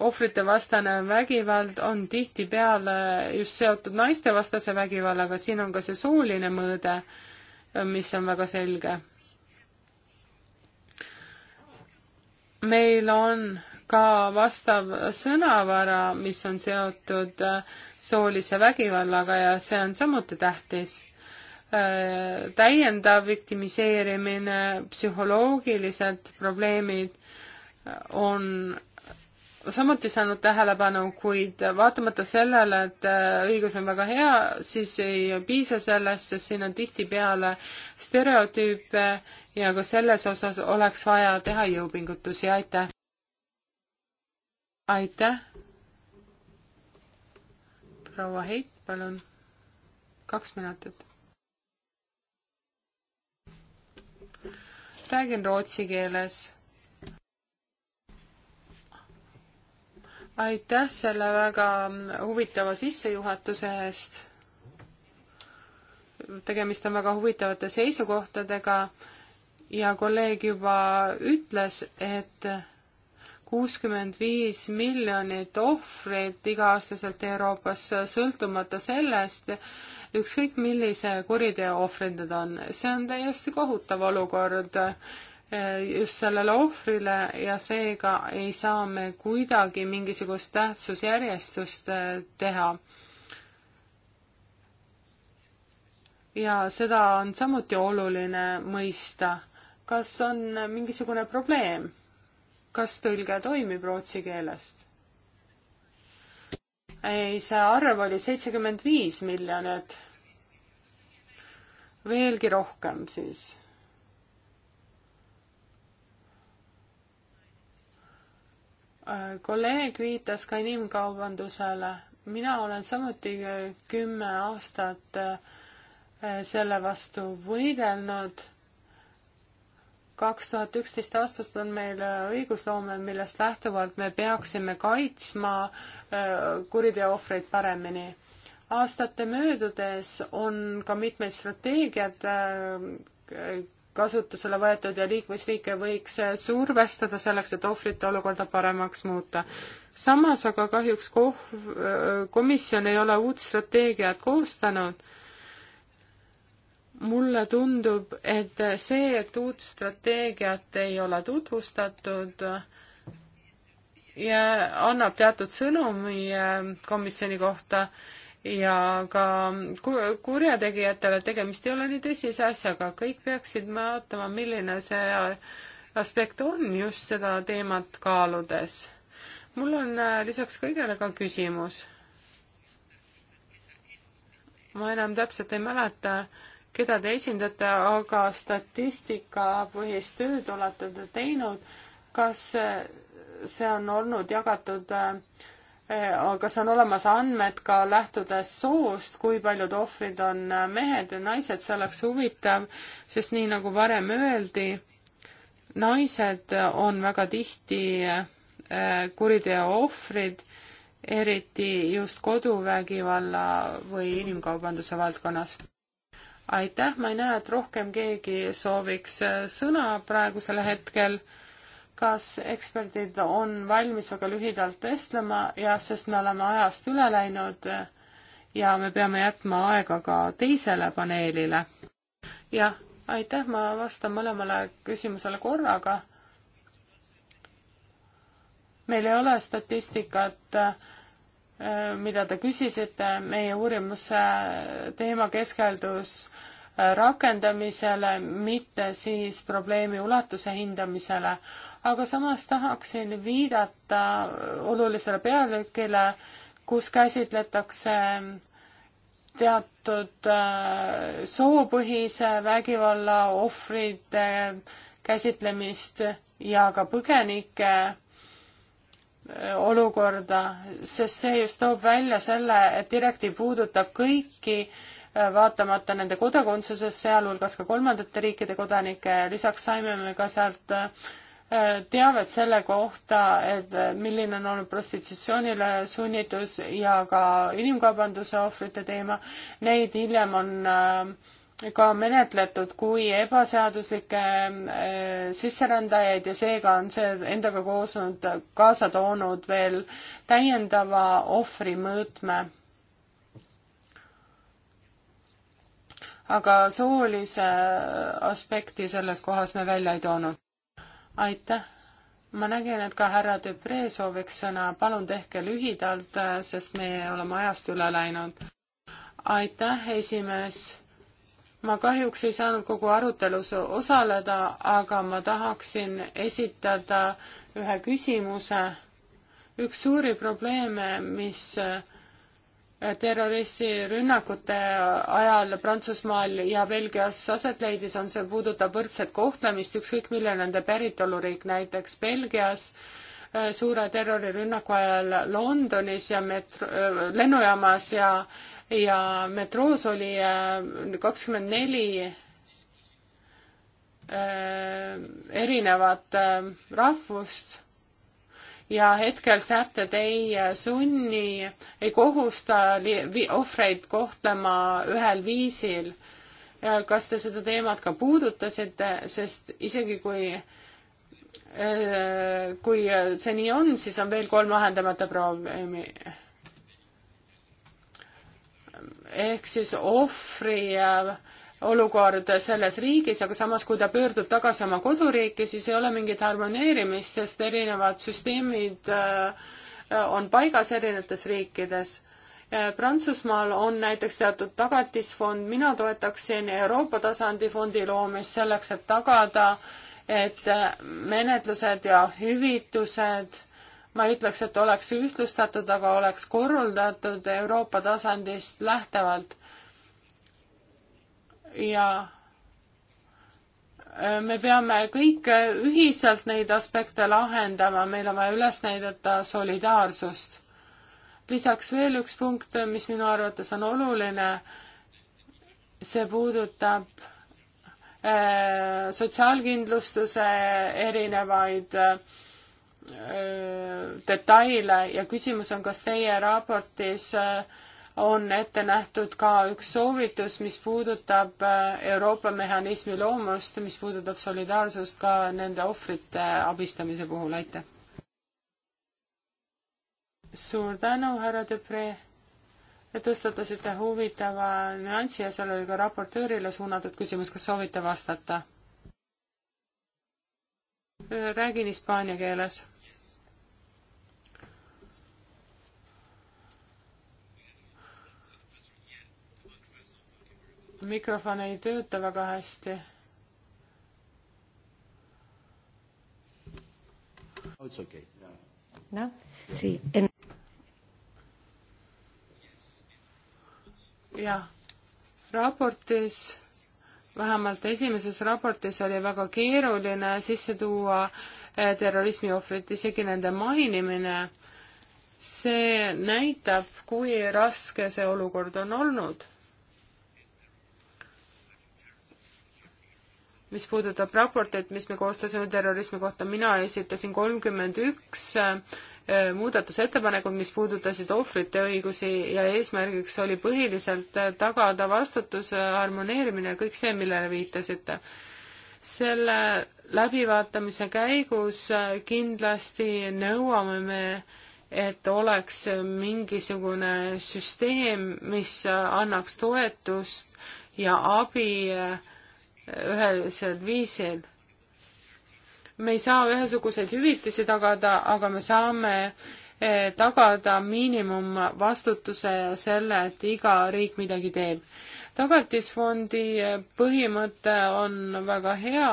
ohvrite vastane vägivald on tihtipeale just seotud naistevastase vägivallaga, siin on ka see sooline mõõde, mis on väga selge. meil on ka vastav sõnavara, mis on seotud äh, soolise vägivallaga ja see on samuti tähtis äh, täiendav viktimiseerimine, psühholoogilised probleemid äh, on samuti saanud tähelepanu, kuid vaatamata sellele, et äh, õigus on väga hea, siis ei piisa sellest, sest siin on tihtipeale stereotüüpe ja ka selles osas oleks vaja teha jõupingutusi, aitäh! aitäh! proua Heit, palun, kaks minutit. räägin rootsi keeles aitäh selle väga huvitava sissejuhatuse eest. tegemist on väga huvitavate seisukohtadega ja kolleeg juba ütles, et kuuskümmend viis miljonit ohvrit iga-aastaselt Euroopas, sõltumata sellest, ükskõik millise kuriteo ohvrid nad on. see on täiesti kohutav olukord just sellele ohvrile ja seega ei saa me kuidagi mingisugust tähtsusjärjestust äh, teha. ja seda on samuti oluline mõista. kas on mingisugune probleem? kas tõlge toimib rootsi keelest? ei, see arv oli seitsekümmend viis miljonit. veelgi rohkem siis kolleeg viitas ka inimkaubandusele. mina olen samuti äh, kümme aastat äh, selle vastu võidelnud. kaks tuhat üksteist aastast on meil äh, õigusloome, millest lähtuvalt me peaksime kaitsma kuriteo ohvreid paremini. aastate möödudes on ka mitmeid strateegiad kasutusele võetud ja liikmesriike võiks survestada selleks, et ohvrite olukorda paremaks muuta. samas aga kahjuks koh-, komisjon ei ole uut strateegiat koostanud. mulle tundub, et see, et uut strateegiat ei ole tutvustatud, ja annab teatud sõnumi eh, komisjoni kohta ja ka kurjategijatele tegemist ei ole nii tõsise asjaga, kõik peaksid vaatama, milline see aspekt on just seda teemat kaaludes. mul on äh, lisaks kõigele ka küsimus. ma enam täpselt ei mäleta, keda te esindate, aga statistikapõhist tööd olete te teinud, kas äh, see on olnud jagatud äh, kas on olemas andmed ka lähtudes soost, kui paljud ohvrid on äh, mehed ja naised, see oleks huvitav, sest nii nagu varem öeldi, naised äh, on väga tihti äh, kuriteo ohvrid, eriti just koduvägivalla või inimkaubanduse valdkonnas. aitäh, ma ei näe, et rohkem keegi sooviks sõna praegusel hetkel kas eksperdid on valmis väga lühidalt vestlema ja sest me oleme ajast üle läinud ja me peame jätma aega ka teisele paneelile. jah, aitäh, ma vastan mõlemale küsimusele korraga. meil ei ole statistikat, äh, mida te küsisite, meie uurimuse teema keskeldus äh, rakendamisele, mitte siis probleemi ulatuse hindamisele aga samas tahaksin viidata olulisele peatükile, kus käsitletakse teatud äh, soopõhise vägivalla ohvrite käsitlemist ja ka põgenike äh, olukorda, sest see just toob välja selle, et direktiiv puudutab kõiki, äh, vaatamata nende kodakondsusest, sealhulgas ka kolmandate riikide kodanikke, lisaks saime me ka sealt äh, teavet selle kohta, et milline on olnud prostitutsioonile sunnitus ja ka inimkaubanduse ohvrite teema, neid hiljem on äh, ka menetletud kui ebaseaduslikke äh, sisserändajaid ja seega on see endaga koosnud, kaasa toonud veel täiendava ohvrimõõtme aga soolise äh, aspekti selles kohas me välja ei toonud aitäh! ma nägin, et ka härra Dupree sooviks sõna, palun tehke lühidalt, äh, sest me oleme ajast üle läinud. aitäh, esimees! ma kahjuks ei saanud kogu arutelus osaleda, aga ma tahaksin esitada ühe küsimuse. üks suuri probleeme, mis äh, Äh, terrorismirünnakute ajal Prantsusmaal ja Belgias aset leidis, on see, puudutab võrdset kohtlemist, ükskõik milline nende päritoluriik, näiteks Belgias äh, suure terrorirünnaku ajal Londonis ja metro-, äh, lennujaamas ja, ja metroos oli kakskümmend neli erinevat rahvust ja hetkel sätted ei sunni, ei kohusta ohvreid kohtlema ühel viisil. kas te seda teemat ka puudutasite, sest isegi kui äh, kui see nii on, siis on veel kolm lahendamata probleemi ehk siis ohvri olukord selles riigis, aga samas, kui ta pöördub tagasi oma koduriiki, siis ei ole mingit harmoneerimist, sest erinevad süsteemid äh, on paigas erinevates riikides. Äh, Prantsusmaal on näiteks teatud tagatisfond, mina toetaksin Euroopa tasandi fondi loomist selleks, et tagada, et äh, menetlused ja hüvitused ma ei ütleks, et oleks ühtlustatud, aga oleks korraldatud Euroopa tasandist lähtevalt ja äh, me peame kõik ühiselt neid aspekte lahendama, meil on vaja üles näidata solidaarsust. lisaks veel üks punkt, mis minu arvates on oluline, see puudutab äh, sotsiaalkindlustuse erinevaid äh, detaile ja küsimus on, kas teie raportis äh, on ette nähtud ka üks soovitus, mis puudutab äh, Euroopa mehhanismi loomust, mis puudutab solidaarsust ka nende ohvrite abistamise puhul, aitäh. suur tänu, härra Depree. tõstatasite huvitava nüansi ja seal oli ka raportöörile suunatud küsimus, kas soovite vastata? räägin hispaania keeles mikrofon ei tööta väga hästi. noh, sii- en.... jah, raportis, vähemalt esimeses raportis oli väga keeruline sisse tuua eh, terrorismi ohvrit, isegi nende mainimine. see näitab, kui raske see olukord on olnud mis puudutab raportit, mis me koostasime terrorismi kohta, mina esitasin kolmkümmend üks äh, muudatusettepanekud, mis puudutasid ohvrite õigusi ja eesmärgiks oli põhiliselt äh, tagada vastutuse äh, harmoneerimine ja kõik see, millele viitasite. selle läbivaatamise käigus kindlasti nõuame me, et oleks mingisugune süsteem, mis annaks toetust ja abi äh, ühesel viisil. me ei saa ühesuguseid hüvitisi tagada, aga me saame eh, tagada miinimumvastutuse ja selle, et iga riik midagi teeb. tagatisfondi eh, põhimõte on väga hea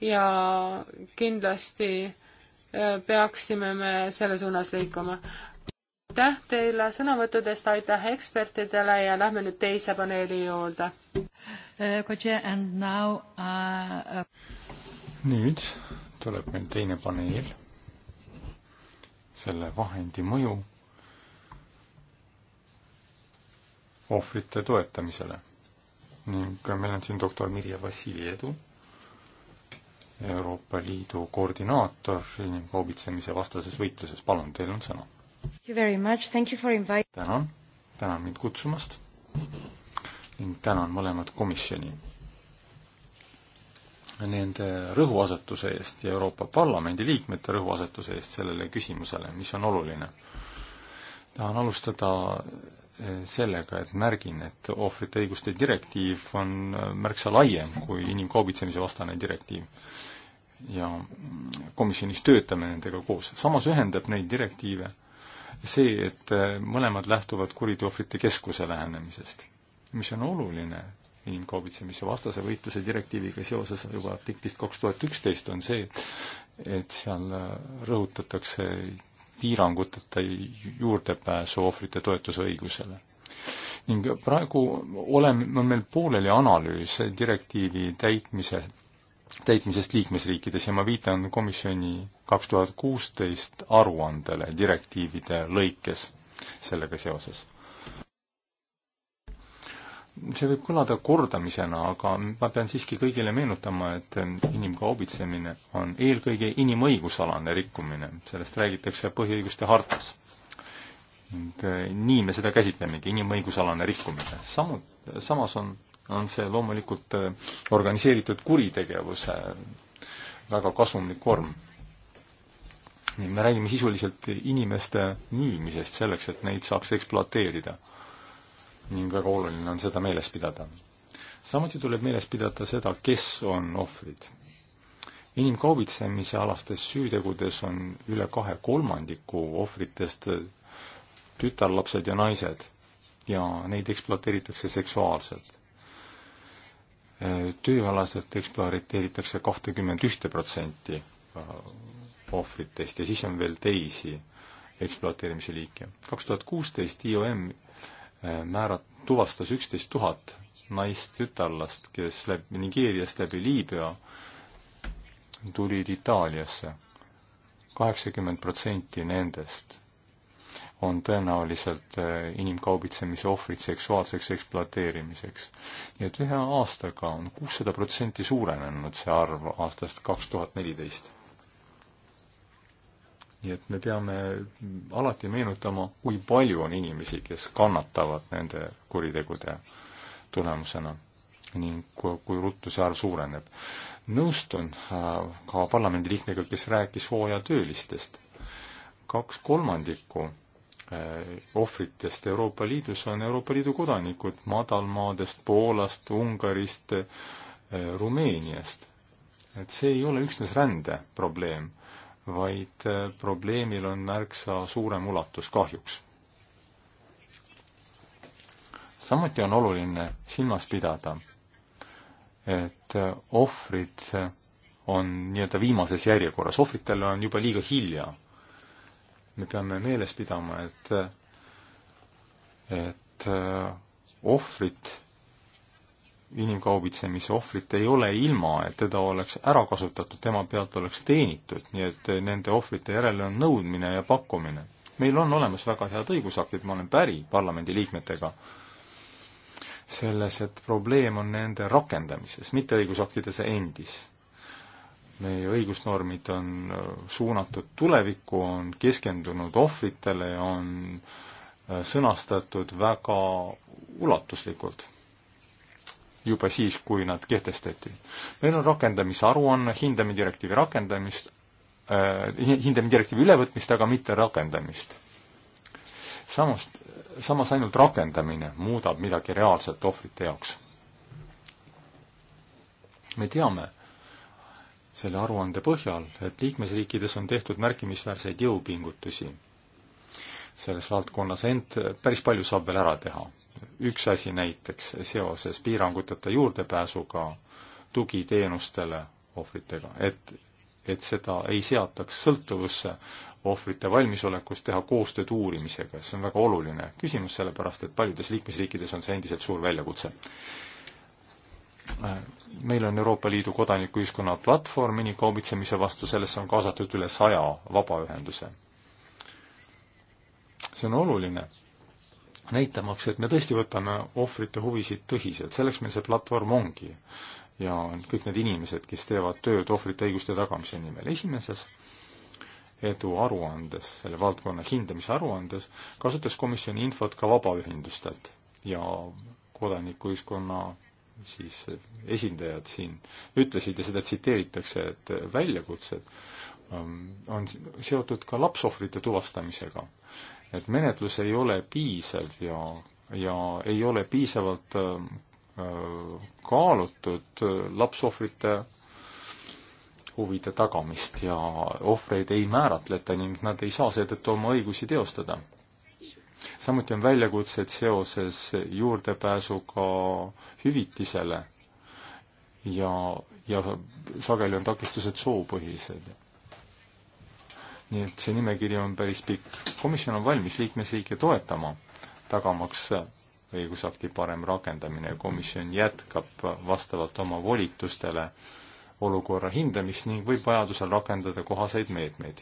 ja kindlasti eh, peaksime me selle suunas liikuma. aitäh teile sõnavõttudest, aitäh ekspertidele ja lähme nüüd teise paneeli juurde. Eh, uh, uh, nüüd tuleb meil teine paneel, selle vahendi mõju ohvrite toetamisele ning meil on siin doktor Mirje Vassiljedu, Euroopa Liidu koordinaator inimkaubitsemise vastases võitluses, palun, teil on sõna. tänan, tänan mind kutsumast ning tänan mõlemat komisjoni nende rõhuasetuse eest ja Euroopa Parlamendi liikmete rõhuasetuse eest sellele küsimusele, mis on oluline. tahan alustada eh, sellega, et märgin, et ohvrite õiguste direktiiv on eh, märksa laiem kui inimkaubitsemise vastane direktiiv. ja komisjonis töötame nendega koos, samas ühendab neid direktiive see, et eh, mõlemad lähtuvad kuriteoohvrite keskuse lähenemisest mis on oluline inimkaubitsemise vastase võitluse direktiiviga seoses juba artiklist kaks tuhat üksteist on see, et seal äh, rõhutatakse piiranguteta juurdepääsu ohvrite toetusõigusele. ning praegu oleme, on meil pooleli analüüs direktiivi täitmise, täitmisest liikmesriikides ja ma viitan komisjoni kaks tuhat kuusteist aruandele direktiivide lõikes sellega seoses see võib kõlada kordamisena, aga ma pean siiski kõigile meenutama, et inimkaubitsemine on eelkõige inimõigusalane rikkumine, sellest räägitakse põhiõiguste hartas. ning eh, nii me seda käsitlemegi, inimõigusalane rikkumine. samu, samas on, on see loomulikult eh, organiseeritud kuritegevuse eh, väga kasumlik vorm. nii, me räägime sisuliselt inimeste müümisest selleks, et neid saaks ekspluateerida ning väga oluline on seda meeles pidada. samuti tuleb meeles pidada seda, kes on ohvrid. inimkaubitsemise alastes süütegudes on üle kahe kolmandiku ohvritest tütarlapsed ja naised ja neid ekspluateeritakse seksuaalselt. tööalaselt ekspluateeritakse kahtekümmend ühte protsenti ohvritest ja siis on veel teisi ekspluateerimise liike. kaks tuhat kuusteist IOM määrat-, tuvastas üksteist tuhat naist tütarlast, kes läbi Nigeeriast läbi Liibüa tulid Itaaliasse. kaheksakümmend protsenti nendest on tõenäoliselt äh, inimkaubitsemise ohvrid seksuaalseks ekspluateerimiseks. nii et ühe aastaga on kuussada protsenti suurenenud see arv aastast kaks tuhat neliteist nii et me peame alati meenutama, kui palju on inimesi, kes kannatavad nende kuritegude tulemusena ning kui, kui ruttu see arv suureneb. nõustun äh, ka parlamendiliikmega, kes rääkis hooajatöölistest. kaks kolmandikku äh, ohvritest Euroopa Liidus on Euroopa Liidu kodanikud madalmaadest, Poolast, Ungarist, äh, Rumeeniast. et see ei ole üksnes rände probleem vaid äh, probleemil on märksa suurem ulatus kahjuks. samuti on oluline silmas pidada, et äh, ohvrid äh, on nii-öelda viimases järjekorras, ohvritele on juba liiga hilja. me peame meeles pidama, et, et ohvrit inimkaubitsemise ohvrit ei ole ilma, et teda oleks ära kasutatud, tema pealt oleks teenitud, nii et nende ohvrite järele on nõudmine ja pakkumine. meil on olemas väga head õigusaktid, ma olen päri parlamendiliikmetega selles, et probleem on nende rakendamises, mitte õigusaktides endis. meie õigusnormid on äh, suunatud tulevikku, on keskendunud ohvritele ja on äh, sõnastatud väga ulatuslikult juba siis, kui nad kehtestati. meil on rakendamisaruanne, hindame direktiivi rakendamist äh,, hindame direktiivi ülevõtmist, aga mitte rakendamist. samas, samas ainult rakendamine muudab midagi reaalset ohvrite jaoks. me teame selle aruande põhjal, et liikmesriikides on tehtud märkimisväärseid jõupingutusi selles valdkonnas, ent päris palju saab veel ära teha üks asi näiteks seoses piiranguteta juurdepääsuga tugiteenustele ohvritega, et, et seda ei seataks sõltuvusse ohvrite valmisolekust teha koostööd uurimisega, see on väga oluline küsimus, sellepärast et paljudes liikmesriikides on see endiselt suur väljakutse. meil on Euroopa Liidu kodanikuühiskonna platvorm inimkaubitsemise vastu, sellesse on kaasatud üle saja vabaühenduse. see on oluline näitamaks, et me tõesti võtame ohvrite huvisid tõsiselt, selleks meil see platvorm ongi. ja on kõik need inimesed, kes teevad tööd ohvrite õiguste tagamise nimel. esimeses edu aruandes, selle valdkonna hindamise aruandes, kasutas komisjon infot ka vabaühendustelt ja kodanikuühiskonna siis esindajad siin ütlesid ja seda tsiteeritakse, et väljakutsed ähm, on seotud ka lapsohvrite tuvastamisega et menetlus ei ole piisav ja, ja ei ole piisavalt äh, kaalutud äh, lapsohvrite huvide tagamist ja ohvreid ei määratleta ning nad ei saa seetõttu oma õigusi teostada. samuti on väljakutsed seoses juurdepääsuga hüvitisele ja, ja sageli on takistused soopõhised nii et see nimekiri on päris pikk. komisjon on valmis liikmesriike toetama, tagamaks õigusakti parem rakendamine ja komisjon jätkab vastavalt oma volitustele olukorra hindamist ning võib vajadusel rakendada kohaseid meetmeid.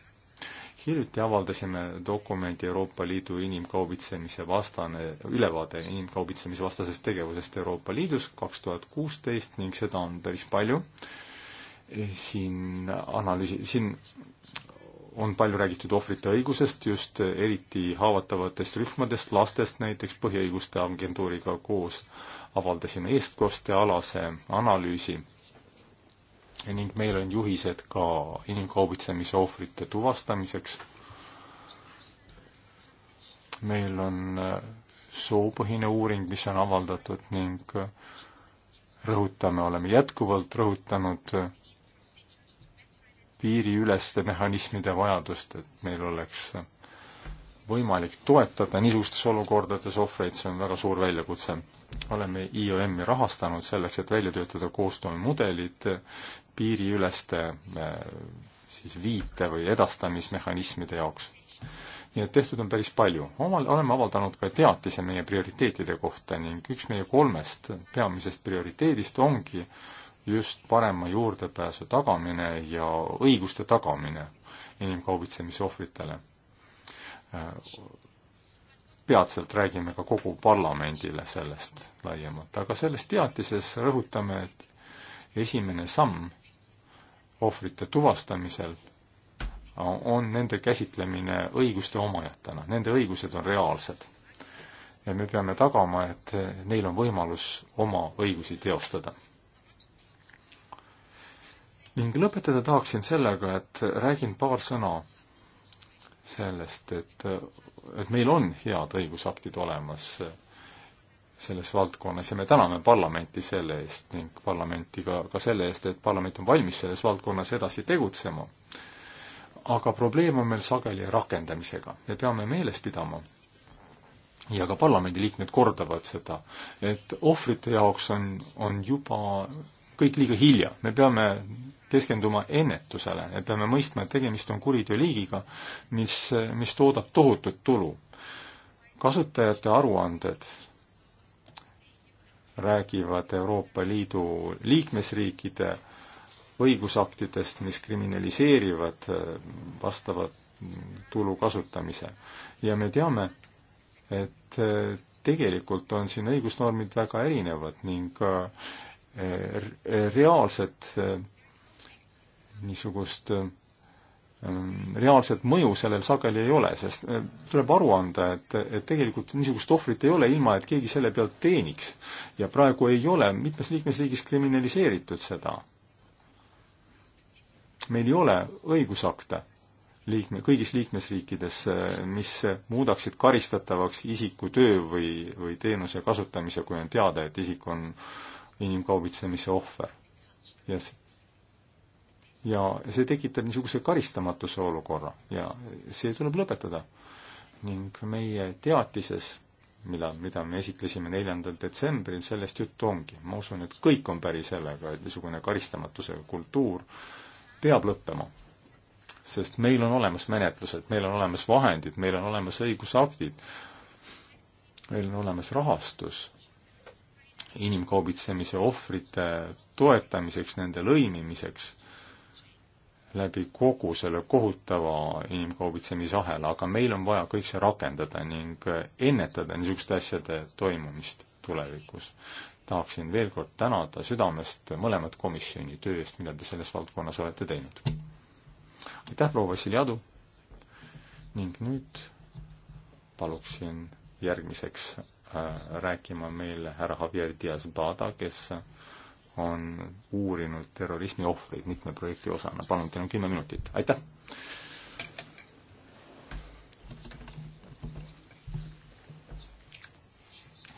hiljuti avaldasime dokumendi Euroopa Liidu inimkaubitsemise vastane, ülevaade inimkaubitsemise vastasest tegevusest Euroopa Liidus kaks tuhat kuusteist ning seda on päris palju siin analüüsi, siin on palju räägitud ohvrite õigusest, just eriti haavatavatest rühmadest, lastest näiteks, põhiõiguste agentuuriga koos avaldasime eestkostealase analüüsi ning meil on juhised ka inimkaubitsemise ohvrite tuvastamiseks. meil on äh, soopõhine uuring, mis on avaldatud ning äh, rõhutame, oleme jätkuvalt rõhutanud äh, piiriüleste mehhanismide vajadust, et meil oleks võimalik toetada niisugustes olukordades ohvreid, see on väga suur väljakutse. oleme IOM-i rahastanud selleks, et välja töötada koostöömudelid piiriüleste äh, siis viite või edastamismehhanismide jaoks. nii et tehtud on päris palju. omal, oleme avaldanud ka teatise meie prioriteetide kohta ning üks meie kolmest peamisest prioriteedist ongi äh, just parema juurdepääsu tagamine ja õiguste tagamine inimkaubitsemise ohvritele. peatselt räägime ka kogu parlamendile sellest laiemalt, aga selles teatises rõhutame, et esimene samm ohvrite tuvastamisel on nende käsitlemine õiguste omajatena, nende õigused on reaalsed. ja me peame tagama, et neil on võimalus oma õigusi teostada ning lõpetada tahaksin sellega, et räägin paar sõna sellest, et, et meil on head õigusaktid olemas selles valdkonnas ja me täname parlamenti selle eest ning parlamenti ka, ka selle eest, et parlament on valmis selles valdkonnas edasi tegutsema. aga probleem on meil sageli rakendamisega, me peame meeles pidama, ja ka parlamendiliikmed kordavad seda, et ohvrite jaoks on, on juba kõik liiga hilja, me peame keskenduma ennetusele, et peame mõistma, et tegemist on kuriteoliigiga, mis, mis toodab tohutut tulu. kasutajate aruanded räägivad Euroopa Liidu liikmesriikide õigusaktidest, mis kriminaliseerivad äh, vastava tulu kasutamise. ja me teame, et äh, tegelikult on siin õigusnormid väga erinevad ning äh, reaalset niisugust äh, reaalset mõju sellel sageli ei ole, sest äh, tuleb aru anda, et, et tegelikult niisugust ohvrit ei ole, ilma et keegi selle pealt teeniks. ja praegu ei ole mitmes liikmesriigis kriminaliseeritud seda. meil ei ole õigusakte liikme, kõigis liikmesriikides, äh, mis muudaksid karistatavaks isiku töö või, või teenuse kasutamise, kui on teada, et isik on inimkaubitsemise ohver. ja ja see tekitab niisuguse karistamatuse olukorra ja see tuleb lõpetada. ning meie teatises, mida, mida me esitlesime neljandal detsembril, sellest juttu ongi. ma usun, et kõik on päri sellega, et niisugune karistamatuse kultuur peab lõppema. sest meil on olemas menetlused, meil on olemas vahendid, meil on olemas õigusaktid, meil on olemas rahastus inimkaubitsemise ohvrite toetamiseks, nende lõimimiseks läbi kogu selle kohutava inimkaubitsemisahela, aga meil on vaja kõik see rakendada ning ennetada niisuguste asjade toimumist tulevikus. tahaksin veel kord tänada südamest mõlemat komisjoni töö eest, mida te selles valdkonnas olete teinud. aitäh, proua Vassiljadu ning nüüd paluksin järgmiseks äh, rääkima meile härra Javier Diaz-Bada, kes äh, on uurinud terrorismi ohvreid mitme projekti osana. palun, teil on kümme minutit, aitäh!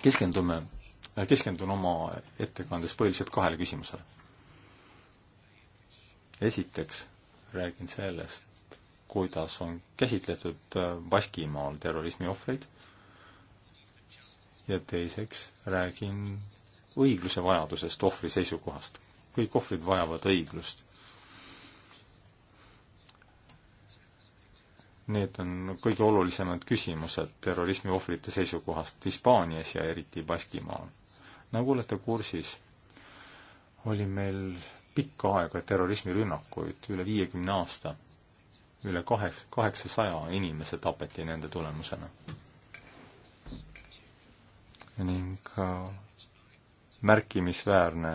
keskendume, äh, keskendun oma ettekandes põhiliselt kahele küsimusele. esiteks räägin sellest, kuidas on käsitletud äh, Baskimaal terrorismi ohvreid ja teiseks räägin õigluse vajadusest ohvri seisukohast. kõik ohvrid vajavad õiglust. Need on kõige olulisemad küsimused terrorismi ohvrite seisukohast Hispaanias ja eriti Baskimaal. nagu olete kursis, oli meil pikka aega terrorismirünnakuid, üle viiekümne aasta. üle kaheksa, kaheksasaja inimese tapeti nende tulemusena. ning äh, märkimisväärne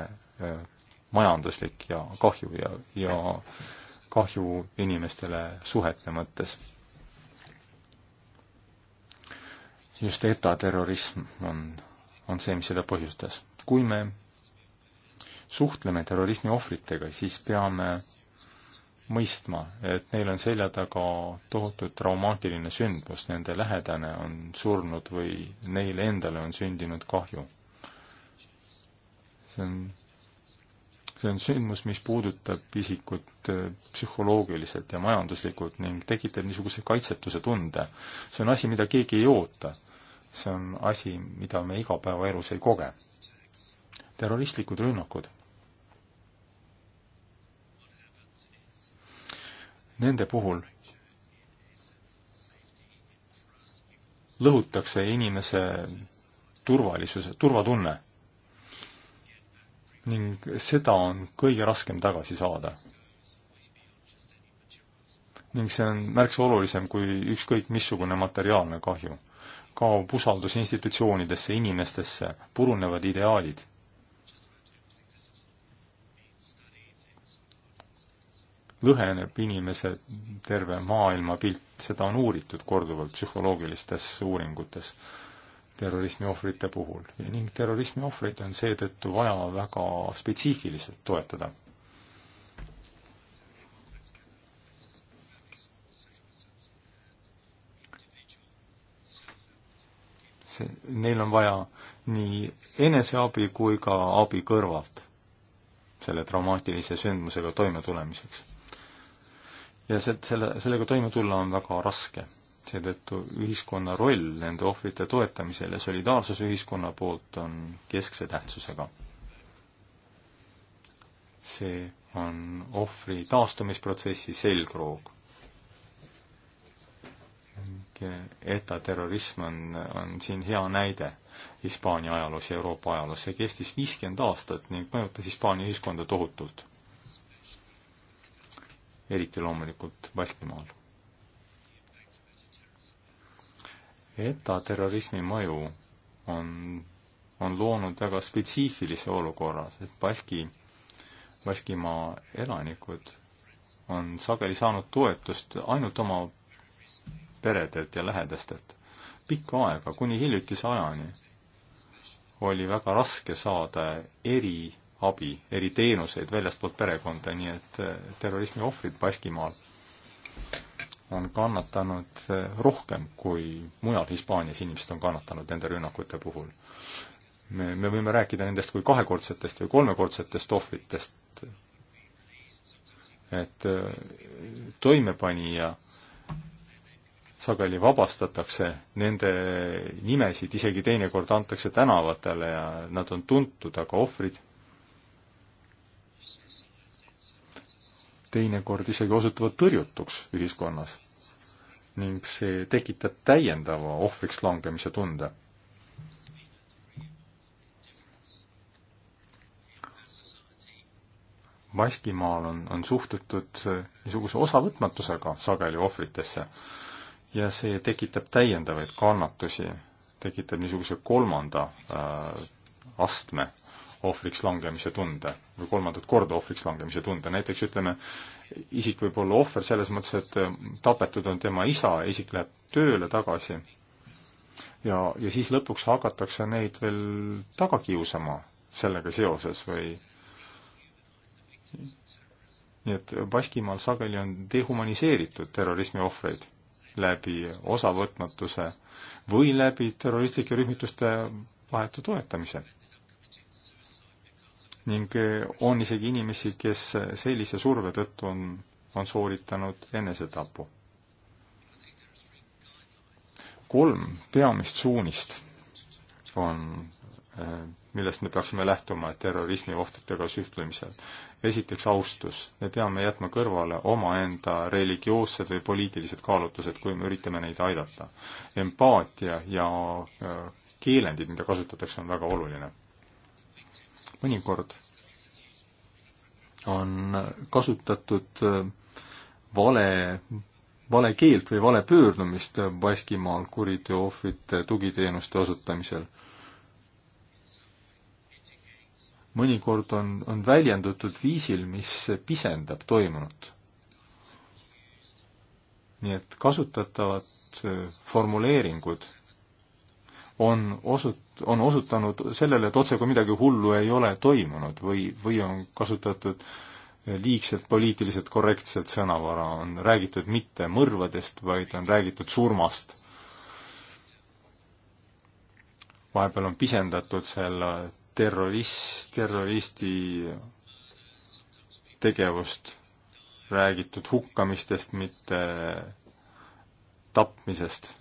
majanduslik ja kahju ja, ja kahju inimestele suhete mõttes. just ETA terrorism on, on see, mis seda põhjustas. kui me suhtleme terrorismi ohvritega, siis peame mõistma, et neil on selja taga tohutu traumaatiline sündmus, nende lähedane on surnud või neile endale on sündinud kahju see on, see on sündmus, mis puudutab isikut äh, psühholoogiliselt ja majanduslikult ning tekitab niisuguse kaitsetuse tunde. see on asi, mida keegi ei oota. see on asi, mida me igapäevaelus ei koge. terroristlikud rünnakud nende puhul lõhutakse inimese turvalisuse, turvatunne ning seda on kõige raskem tagasi saada. ning see on märksa olulisem kui ükskõik missugune materiaalne kahju. kaob usaldus institutsioonidesse, inimestesse, purunevad ideaalid. lõheneb inimese terve maailmapilt, seda on uuritud korduvalt psühholoogilistes uuringutes terrorismi ohvrite puhul ning terrorismi ohvreid on seetõttu vaja väga spetsiifiliselt toetada. see, neil on vaja nii eneseabi kui ka abi kõrvalt selle traumaatilise sündmusega toimetulemiseks. ja see, selle, sellega toime tulla on väga raske seetõttu ühiskonna roll nende ohvrite toetamisel ja solidaarsus ühiskonna poolt on keskse tähtsusega. see on ohvri taastumisprotsessi selgroog. ETA terrorism on, on siin hea näide Hispaania ajaloos ja Euroopa ajaloos. see kestis viiskümmend aastat ning mõjutas Hispaania ühiskonda tohutult. eriti loomulikult Baskimaal ETA terrorismi mõju on, on loonud väga spetsiifilise olukorra, sest Baski, Baskimaa elanikud on sageli saanud toetust ainult oma peredelt ja lähedastelt. pikka aega, kuni hiljutise ajani, oli väga raske saada eriabi, eriteenuseid väljastpoolt perekonda, nii et terrorismi ohvrid Baskimaal on kannatanud eh, rohkem, kui mujal Hispaanias inimesed on kannatanud nende rünnakute puhul. me, me võime rääkida nendest kui kahekordsetest või kolmekordsetest ohvritest, et eh, toimepanija sageli vabastatakse, nende nimesid isegi teinekord antakse tänavatele ja nad on tuntud, aga ohvrid teinekord isegi osutuvad tõrjutuks ühiskonnas ning see tekitab täiendava ohvriks langemise tunde. Baskimaal on, on suhtutud niisuguse osavõtmatusega sageli ohvritesse ja see tekitab täiendavaid kannatusi, tekitab niisuguse kolmanda äh, astme ohvriks langemise tunde või kolmandat korda ohvriks langemise tunde, näiteks ütleme, isik võib olla ohver selles mõttes, et äh, tapetud on tema isa, isik läheb tööle tagasi ja, ja siis lõpuks hakatakse neid veel taga kiusama sellega seoses või nii et Baskimaal sageli on dehumaniseeritud terrorismi ohvreid läbi osavõtmatuse või läbi terroristlike rühmituste vahetu toetamise ning eh, on isegi inimesi, kes sellise surve tõttu on, on sooritanud enesetapu. kolm peamist suunist on, eh, millest me peaksime lähtuma terrorismi ohtudega sühtlemisel. esiteks austus, me peame jätma kõrvale omaenda religioossed või poliitilised kaalutlused, kui me üritame neid aidata. empaatia ja eh, keelendid, mida kasutatakse, on väga oluline mõnikord on kasutatud äh, vale, vale keelt või vale pöördumist Baskimaal kuriteo ohvrite tugiteenuste osutamisel. mõnikord on, on väljendatud viisil, mis pisendab toimunut. nii et kasutatavad äh, formuleeringud on osut-, on osutanud sellele, et otsekui midagi hullu ei ole toimunud või, või on kasutatud liigselt poliitiliselt korrektset sõnavara, on räägitud mitte mõrvadest, vaid on räägitud surmast. vahepeal on pisendatud selle terrorist, terroristi tegevust, räägitud hukkamistest, mitte tapmisest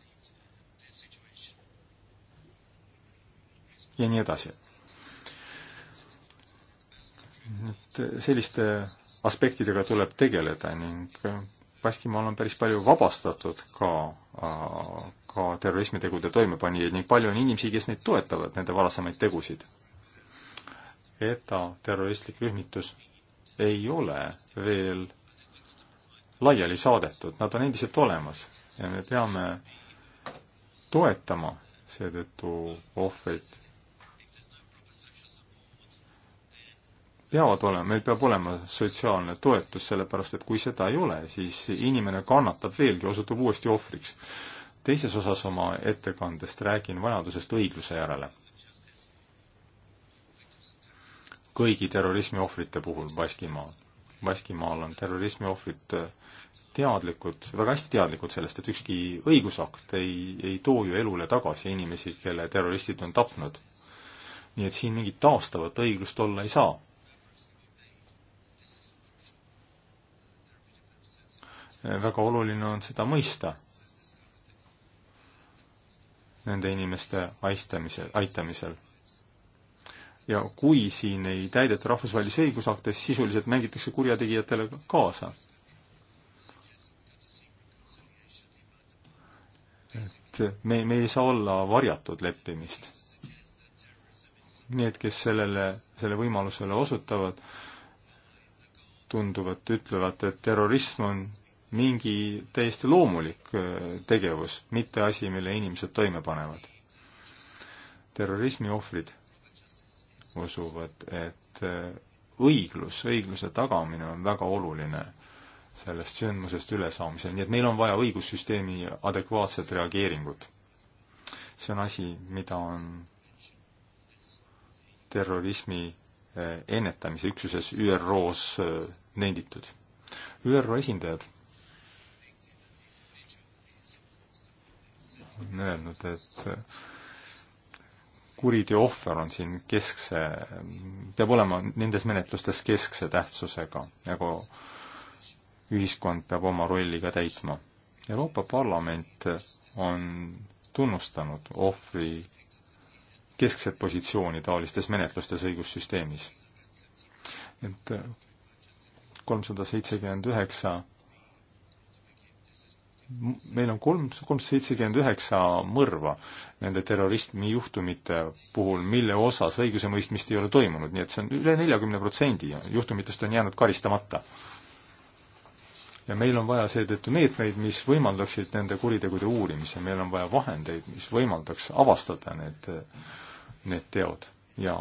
ja nii edasi. et selliste aspektidega tuleb tegeleda ning Baskimaal on päris palju vabastatud ka, äh, ka terrorismitegude toimepanijaid ning palju on inimesi, kes neid toetavad, nende varasemaid tegusid. ETA terroristlik rühmitus ei ole veel laiali saadetud, nad on endiselt olemas ja me peame toetama seetõttu ohvreid peavad olema, meil peab olema sotsiaalne toetus, sellepärast et kui seda ei ole, siis inimene kannatab veelgi, osutub uuesti ohvriks. teises osas oma ettekandest räägin vajadusest õigluse järele. kõigi terrorismiohvrite puhul Baskimaal. Baskimaal on terrorismiohvrid teadlikud, väga hästi teadlikud sellest, et ükski õigusakt ei, ei too ju elule tagasi inimesi, kelle terroristid on tapnud. nii et siin mingit taastavat õiglust olla ei saa väga oluline on seda mõista nende inimeste aistamise, aitamisel. ja kui siin ei täideta rahvusvahelisi õigusakte, siis sisuliselt mängitakse kurjategijatele kaasa. et me, me ei saa olla varjatud leppimist. Need, kes sellele, selle võimalusele osutavad, tunduvad, ütlevad, et terrorism on mingi täiesti loomulik äh, tegevus, mitte asi, mille inimesed toime panevad. terrorismi ohvrid usuvad, et äh, õiglus, õigluse tagamine on väga oluline sellest sündmusest ülesaamisel, nii et meil on vaja õigussüsteemi adekvaatset reageeringut. see on asi, mida on terrorismi äh, ennetamise üksuses ÜRO-s nenditud. ÜRO esindajad on öelnud, et kuriteo ohver on siin keskse, peab olema nendes menetlustes keskse tähtsusega, nagu ühiskond peab oma rolli ka täitma. Euroopa Parlament on tunnustanud ohvri keskset positsiooni taolistes menetlustes õigussüsteemis. et kolmsada seitsekümmend üheksa meil on kolm, kolmsada seitsekümmend üheksa mõrva nende terrorismijuhtumite puhul, mille osas õigusemõistmist ei ole toimunud, nii et see on üle neljakümne protsendi juhtumitest on jäänud karistamata. ja meil on vaja seetõttu meetmeid, mis võimaldaksid nende kuritegude uurimise, meil on vaja vahendeid, mis võimaldaks avastada need, need teod ja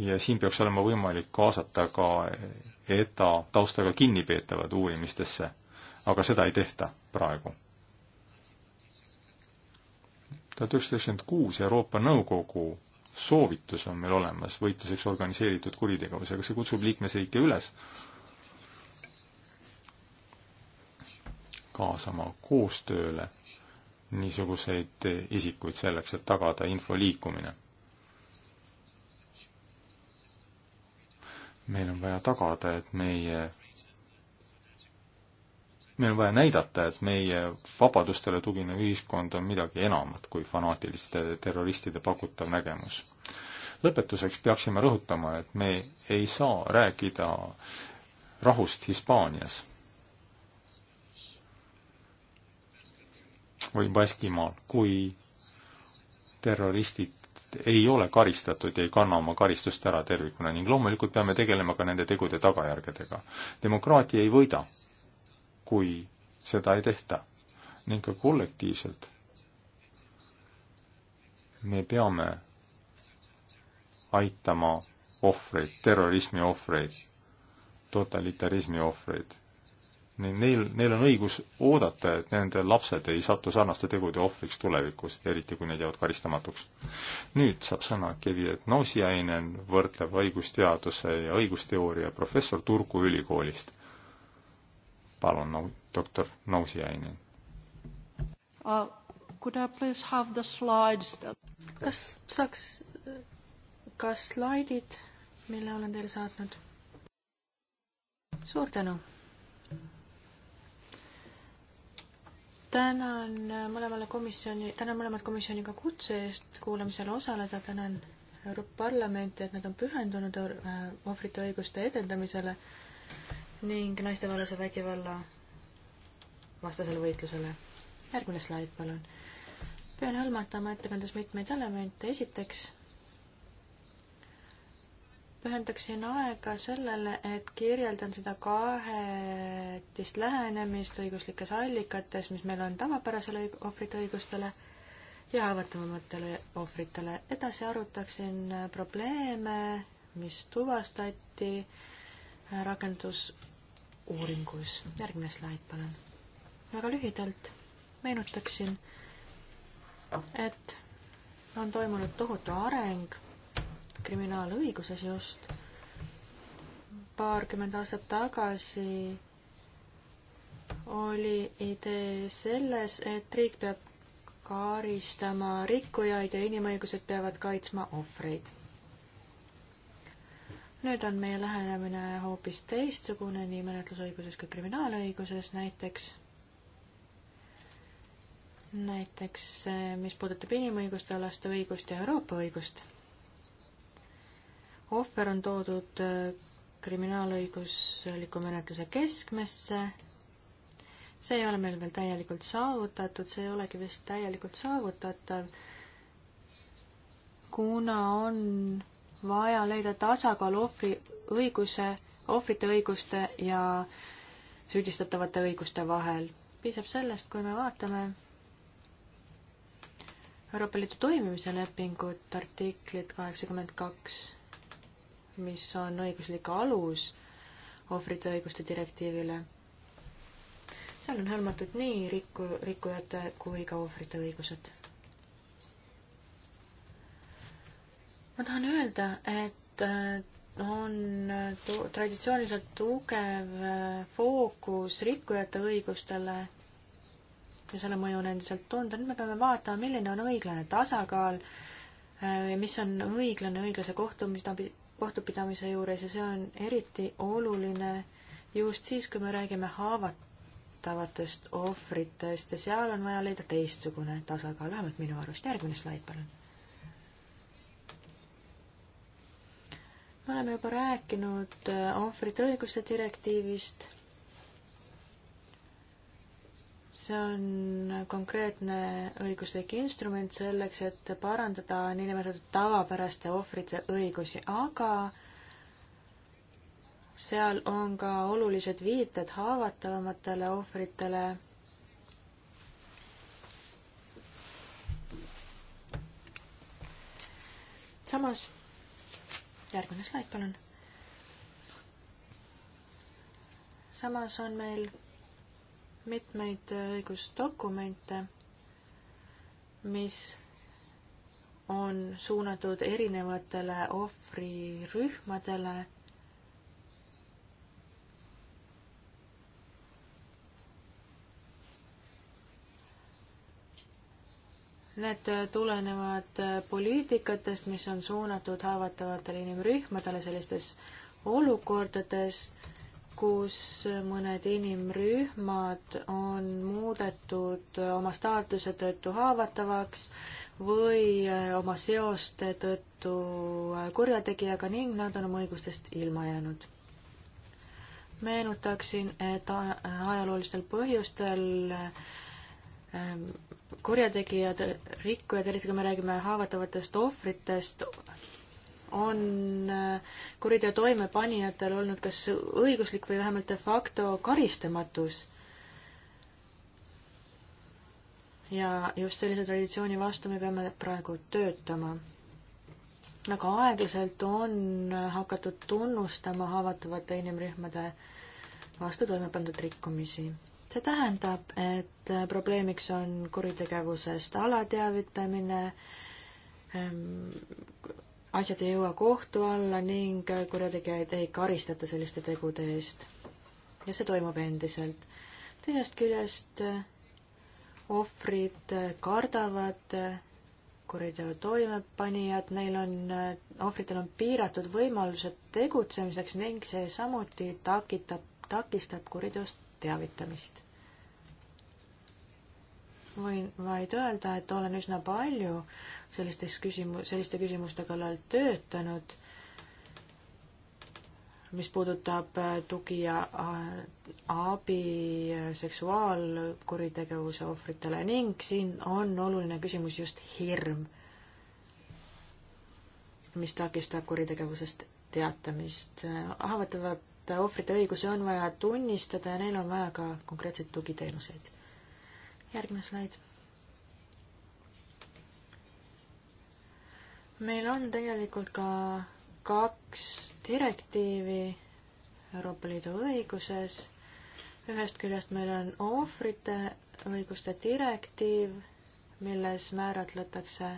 ja siin peaks olema võimalik kaasata ka ETA taustaga kinnipeetavad uurimistesse aga seda ei tehta praegu. tuhat üheksasada üheksakümmend kuus Euroopa Nõukogu soovitus on meil olemas võitluseks organiseeritud kuritegevusega, see kutsub liikmesriike üles kaasama koostööle niisuguseid isikuid selleks, et tagada info liikumine. meil on vaja tagada, et meie meil on vaja näidata, et meie vabadustele tuginev ühiskond on midagi enamat kui fanaatiliste terroristide pakutav nägemus. lõpetuseks peaksime rõhutama, et me ei saa rääkida rahust Hispaanias või Baskimaal, kui terroristid ei ole karistatud ja ei kanna oma karistust ära tervikuna ning loomulikult peame tegelema ka nende tegude tagajärgedega. demokraatia ei võida kui seda ei tehta. ning ka kollektiivselt me peame aitama ohvreid, terrorismi ohvreid, totalitarismi ohvreid. nii neil, neil on õigus oodata, et nende lapsed ei satu sarnaste tegude ohvriks tulevikus, eriti kui need jäävad karistamatuks. nüüd saab sõna Keviet Nausiainen, võrdlev õigusteaduse ja õigusteooria professor Turku ülikoolist palun, doktor Nousiainen. Uh, could I please have the slides that... kas saaks ka slaidid, mille olen teile saatnud? suur tänu! tänan mõlemale komisjoni, tänan mõlemat komisjoniga kutse eest kuulamisel osaleda, tänan Euroopa Parlamenti, et nad on pühendunud ohvrite äh, õiguste edendamisele ning naistevallase vägivalla vastasele võitlusele. järgmine slaid, palun. pean hõlmata oma ettekandes mitmeid elemente, esiteks pühendaksin aega sellele, et kirjeldan seda kahetist lähenemist õiguslikes allikates, mis meil on tavapärasele ohvrite õigustele ja haavatavamatele ohvritele. edasi arutaksin probleeme, mis tuvastati rakendus uuringus. järgmine slaid, palun. väga lühidalt meenutaksin, et on toimunud tohutu areng kriminaalõiguses just. paarkümmend aastat tagasi oli idee selles, et riik peab karistama rikkujaid ja inimõigused peavad kaitsma ohvreid nüüd on meie lähenemine hoopis teistsugune nii menetlusõiguses kui kriminaalõiguses näiteks näiteks eh, mis puudutab inimõiguste alast õigust ja Euroopa õigust. ohver on toodud eh, kriminaalõigusliku menetluse keskmesse, see ei ole meil veel täielikult saavutatud, see ei olegi vist täielikult saavutatav, kuna on vaja leida tasakaal ohvri õiguse, ohvrite õiguste ja süüdistatavate õiguste vahel. piisab sellest, kui me vaatame Euroopa Liidu toimimise lepingut artiklit kaheksakümmend kaks, mis on õiguslik alus ohvrite õiguste direktiivile. seal on hõlmatud nii rikku, rikkujate kui ka ohvrite õigused ma tahan öelda, et äh, on äh, tu-, traditsiooniliselt tugev äh, fookus rikkujate õigustele ja selle mõju on endiselt tunda, nüüd me peame vaatama, milline on õiglane tasakaal ja mis on õiglane õiglase kohtumistabi, kohtupidamise juures ja see on eriti oluline just siis, kui me räägime haavatavatest ohvritest ja seal on vaja leida teistsugune tasakaal, vähemalt minu arust. järgmine slaid, palun me oleme juba rääkinud äh, ohvrite õiguste direktiivist. see on konkreetne õiguslik instrument selleks, et parandada niinimetatud tavapäraste ohvrite õigusi, aga seal on ka olulised viited haavatavamatele ohvritele samas järgmine slaid, palun. samas on meil mitmeid õigusdokumente, mis on suunatud erinevatele ohvrirühmadele Need tulenevad poliitikatest, mis on suunatud haavatavatele inimrühmadele sellistes olukordades, kus mõned inimrühmad on muudetud oma staatuse tõttu haavatavaks või oma seoste tõttu kurjategijaga ning nad on oma õigustest ilma jäänud. meenutaksin, et ajaloolistel põhjustel Ähm, kurjategijad, rikkujad, eriti kui me räägime haavatavatest ohvritest, on äh, kuriteo toimepanijatel olnud kas õiguslik või vähemalt de facto karistamatus. ja just sellise traditsiooni vastu me peame praegu töötama. aga aeglaselt on hakatud tunnustama haavatavate inimrühmade vastu toime pandud rikkumisi see tähendab, et probleemiks on kuritegevusest alateavitamine, ehm, asjad ei jõua kohtu alla ning kurjategijaid ei karistata selliste tegude eest. ja see toimub endiselt. teisest küljest eh, ohvrid kardavad eh, kuriteo toimepanijad, neil on, eh, ohvritel on piiratud võimalused tegutsemiseks ning see samuti takitab, takistab kuriteost teavitamist. võin vaid öelda, et olen üsna palju sellistes küsimu-, selliste küsimuste kallal töötanud, mis puudutab äh, tugi ja äh, abi äh, seksuaalkuritegevuse ohvritele ning siin on oluline küsimus just hirm, mis takistab kuritegevusest teatamist. haavatavad et ohvrite õigusi on vaja tunnistada ja neil on vaja ka konkreetseid tugiteenuseid. järgmine slaid. meil on tegelikult ka kaks direktiivi Euroopa Liidu õiguses. ühest küljest meil on ohvrite õiguste direktiiv, milles määratletakse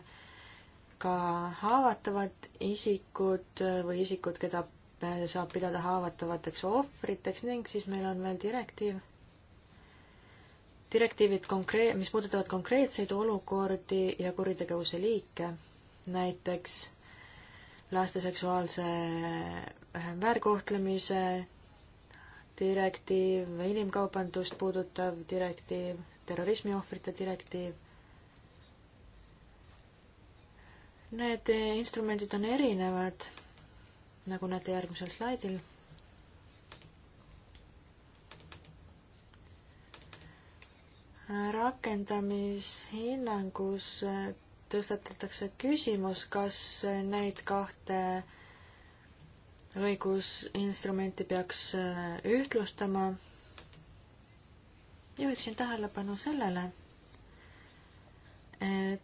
ka haavatavad isikud või isikud, keda saab pidada haavatavateks ohvriteks ning siis meil on veel direktiiv, direktiivid konkreet-, mis puudutavad konkreetseid olukordi ja kuritegevuse liike, näiteks laste seksuaalse äh, väärkohtlemise direktiiv, inimkaubandust puudutav direktiiv, terrorismiohvrite direktiiv. Need äh, instrumendid on erinevad nagu näete järgmisel slaidil. rakendamishinnangus äh, tõstatatakse küsimus, kas neid kahte õigusinstrumenti peaks äh, ühtlustama. juhiksin tähelepanu sellele, et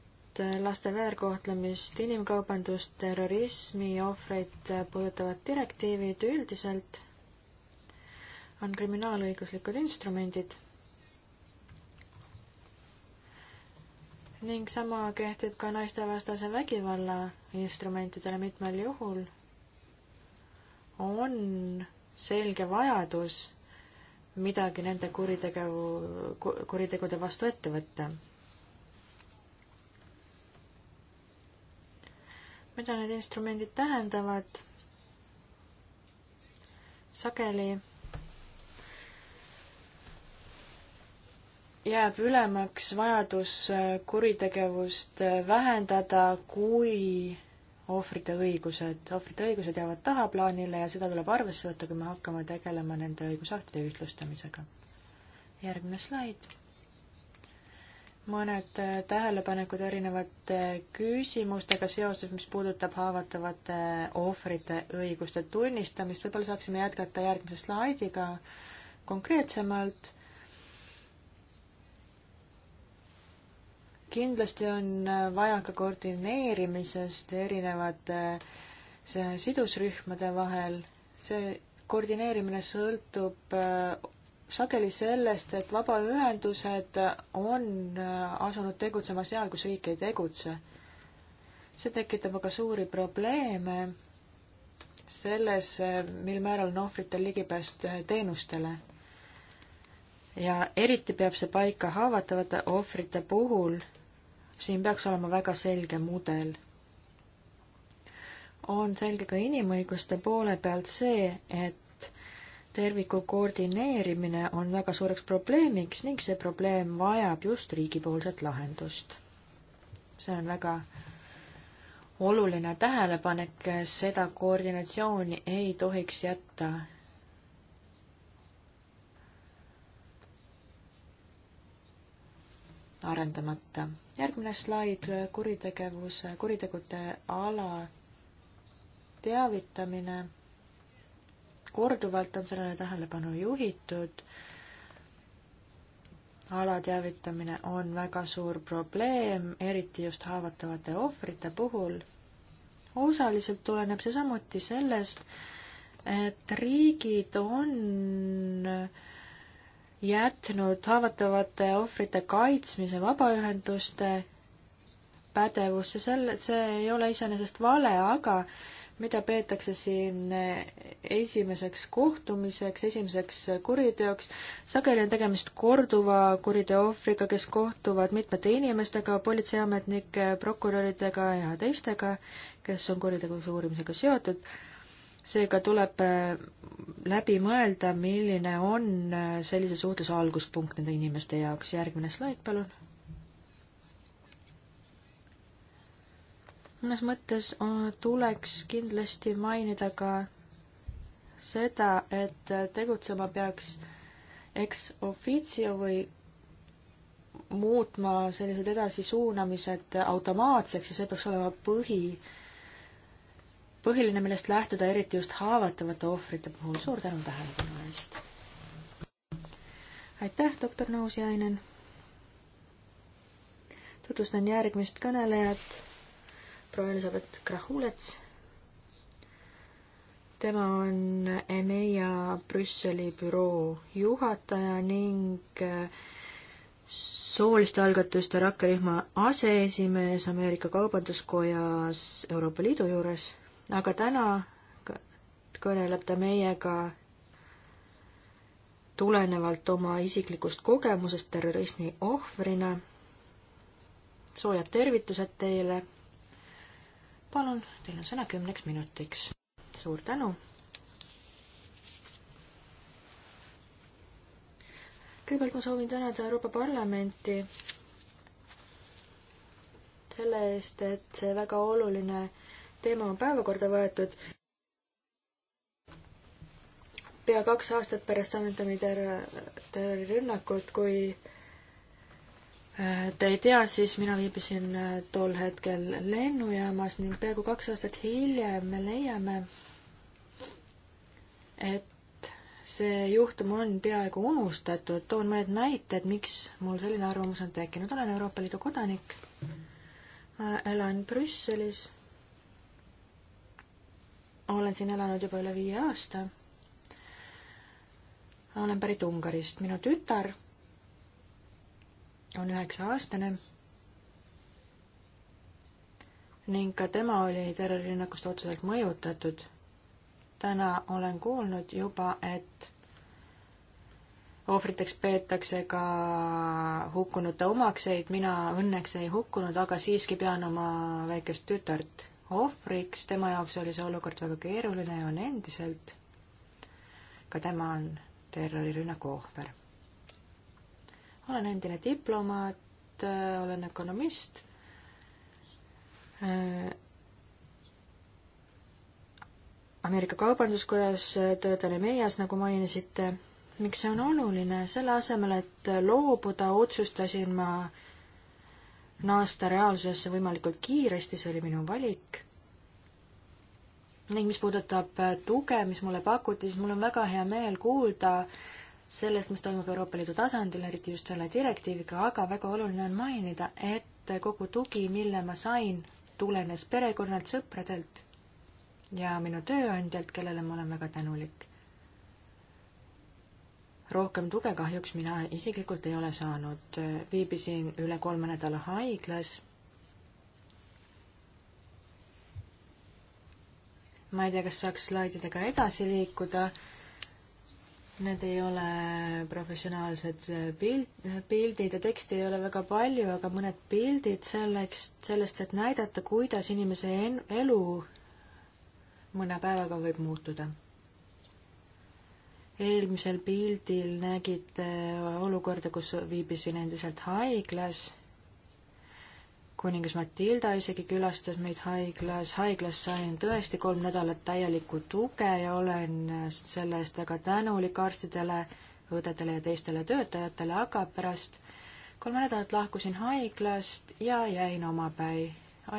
laste väärkohtlemist, inimkaubandust, terrorismi ohvreid puudutavad direktiivid üldiselt on kriminaalõiguslikud instrumendid. ning sama kehtib ka naistevastase vägivalla instrumentidele mitmel juhul. on selge vajadus midagi nende kuritegevu, kuritegude vastu ette võtta mida need instrumendid tähendavad. sageli jääb ülemaks vajadus kuritegevust vähendada, kui ohvrite õigused, ohvrite õigused jäävad tahaplaanile ja seda tuleb arvesse võtta, kui me hakkame tegelema nende õigusaktide ühtlustamisega. järgmine slaid mõned äh, tähelepanekud erinevate küsimustega seoses, mis puudutab haavatavate äh, ohvrite õiguste tunnistamist. võib-olla saaksime jätkata järgmise slaidiga konkreetsemalt. kindlasti on äh, vaja ka koordineerimisest erinevate sidusrühmade vahel. see koordineerimine sõltub sageli sellest, et vabaühendused on äh, asunud tegutsema seal, kus riik ei tegutse. see tekitab aga suuri probleeme selles, äh, mil määral on ohvritel ligipääs äh, teenustele. ja eriti peab see paika haavatavate ohvrite puhul, siin peaks olema väga selge mudel on selge ka inimõiguste poole pealt see, et terviku koordineerimine on väga suureks probleemiks ning see probleem vajab just riigipoolset lahendust. see on väga oluline tähelepanek, seda koordinatsiooni ei tohiks jätta arendamata. järgmine slaid, kuritegevuse, kuritegude ala teavitamine korduvalt on sellele tähelepanu juhitud. alateavitamine on väga suur probleem, eriti just haavatavate ohvrite puhul. osaliselt tuleneb see samuti sellest, et riigid on jätnud haavatavate ohvrite kaitsmise vabaühenduste pädevusse, selle, see ei ole iseenesest vale, aga mida peetakse siin esimeseks kohtumiseks, esimeseks kuriteoks. sageli on tegemist korduva kuriteo ohvriga, kes kohtuvad mitmete inimestega, politseiametnike, prokuröridega ja teistega, kes on kuritegevuse uurimisega seotud. seega tuleb äh, läbi mõelda, milline on äh, sellise suhtluse alguspunkt nende inimeste jaoks. järgmine slaid, palun mõnes mõttes äh, tuleks kindlasti mainida ka seda, et äh, tegutsema peaks ex officio või muutma sellised edasisuunamised automaatseks ja see peaks olema põhi, põhiline, millest lähtuda, eriti just haavatavate ohvrite puhul. suur tänu tähelepanu eest! aitäh, doktor Nõusjainen! tutvustan järgmist kõnelejat proua Elisabeth Krahulets. tema on EMEA Brüsseli büroo juhataja ning äh, sooliste algatuste rakkerühma aseesimees Ameerika Kaubanduskojas Euroopa Liidu juures, aga täna kõneleb ta meiega tulenevalt oma isiklikust kogemusest terrorismi ohvrina. soojad tervitused teile palun, teil on sõna kümneks minutiks. suur tänu. kõigepealt ma soovin tänada Euroopa Parlamenti selle eest, et see väga oluline teema on päevakorda võetud. pea kaks aastat pärast Annetamide terrorirünnakut, kui Te ei tea, siis mina viibisin äh, tol hetkel lennujaamas ning peaaegu kaks aastat hiljem me leiame, et see juhtum on peaaegu unustatud. toon mõned näited, miks mul selline arvamus on tekkinud. olen Euroopa Liidu kodanik, elan Brüsselis, olen siin elanud juba üle viie aasta olen pärit Ungarist. minu tütar on üheksa-aastane ning ka tema oli terrorirünnakust otseselt mõjutatud. täna olen kuulnud juba, et ohvriteks peetakse ka hukkunute omakseid, mina õnneks ei hukkunud, aga siiski pean oma väikest tütart ohvriks, tema jaoks oli see olukord väga keeruline ja on endiselt. ka tema on terrorirünnaku ohver olen endine diplomaat, äh, olen ökonomist. Äh, Ameerika Kaubanduskojas äh, töötan EMEA-s, nagu mainisite. miks see on oluline? selle asemel, et loobuda, otsustasin ma naasta reaalsusesse võimalikult kiiresti, see oli minu valik ning mis puudutab tuge, mis mulle pakuti, siis mul on väga hea meel kuulda, sellest, mis toimub Euroopa Liidu tasandil, eriti just selle direktiiviga, aga väga oluline on mainida, et kogu tugi, mille ma sain, tulenes perekonnalt, sõpradelt ja minu tööandjalt, kellele ma olen väga tänulik. rohkem tuge kahjuks mina isiklikult ei ole saanud, viibisin üle kolme nädala haiglas ma ei tea, kas saaks slaididega edasi liikuda, Need ei ole professionaalsed äh, pild, pildid ja teksti ei ole väga palju, aga mõned pildid selleks, sellest, et näidata, kuidas inimese en-, elu mõne päevaga võib muutuda. eelmisel pildil nägite äh, olukorda, kus viibisin endiselt haiglas kuningas Matilda isegi külastas meid haiglas, haiglas sain tõesti kolm nädalat täielikku tuge ja olen selle eest väga tänulik arstidele, õdedele ja teistele töötajatele, aga pärast kolme nädalat lahkusin haiglast ja jäin omapäi,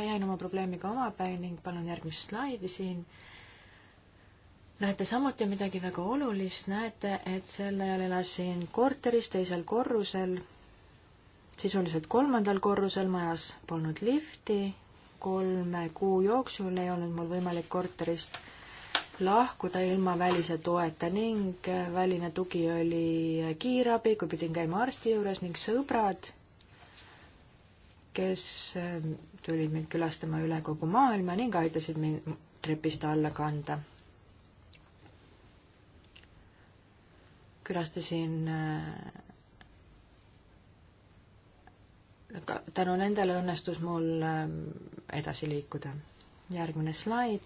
jäin oma probleemiga omapäi ning palun järgmist slaidi siin. näete samuti midagi väga olulist, näete, et sellel elasin korteris teisel korrusel sisuliselt kolmandal korrusel majas polnud lifti, kolme kuu jooksul ei olnud mul võimalik korterist lahkuda ilma välise toeta ning väline tugi oli kiirabi, kui pidin käima arsti juures ning sõbrad, kes ähm, tulid mind külastama üle kogu maailma ning aitasid mind trepist alla kanda. külastasin äh, tänu nendele õnnestus mul ähm, edasi liikuda. järgmine slaid.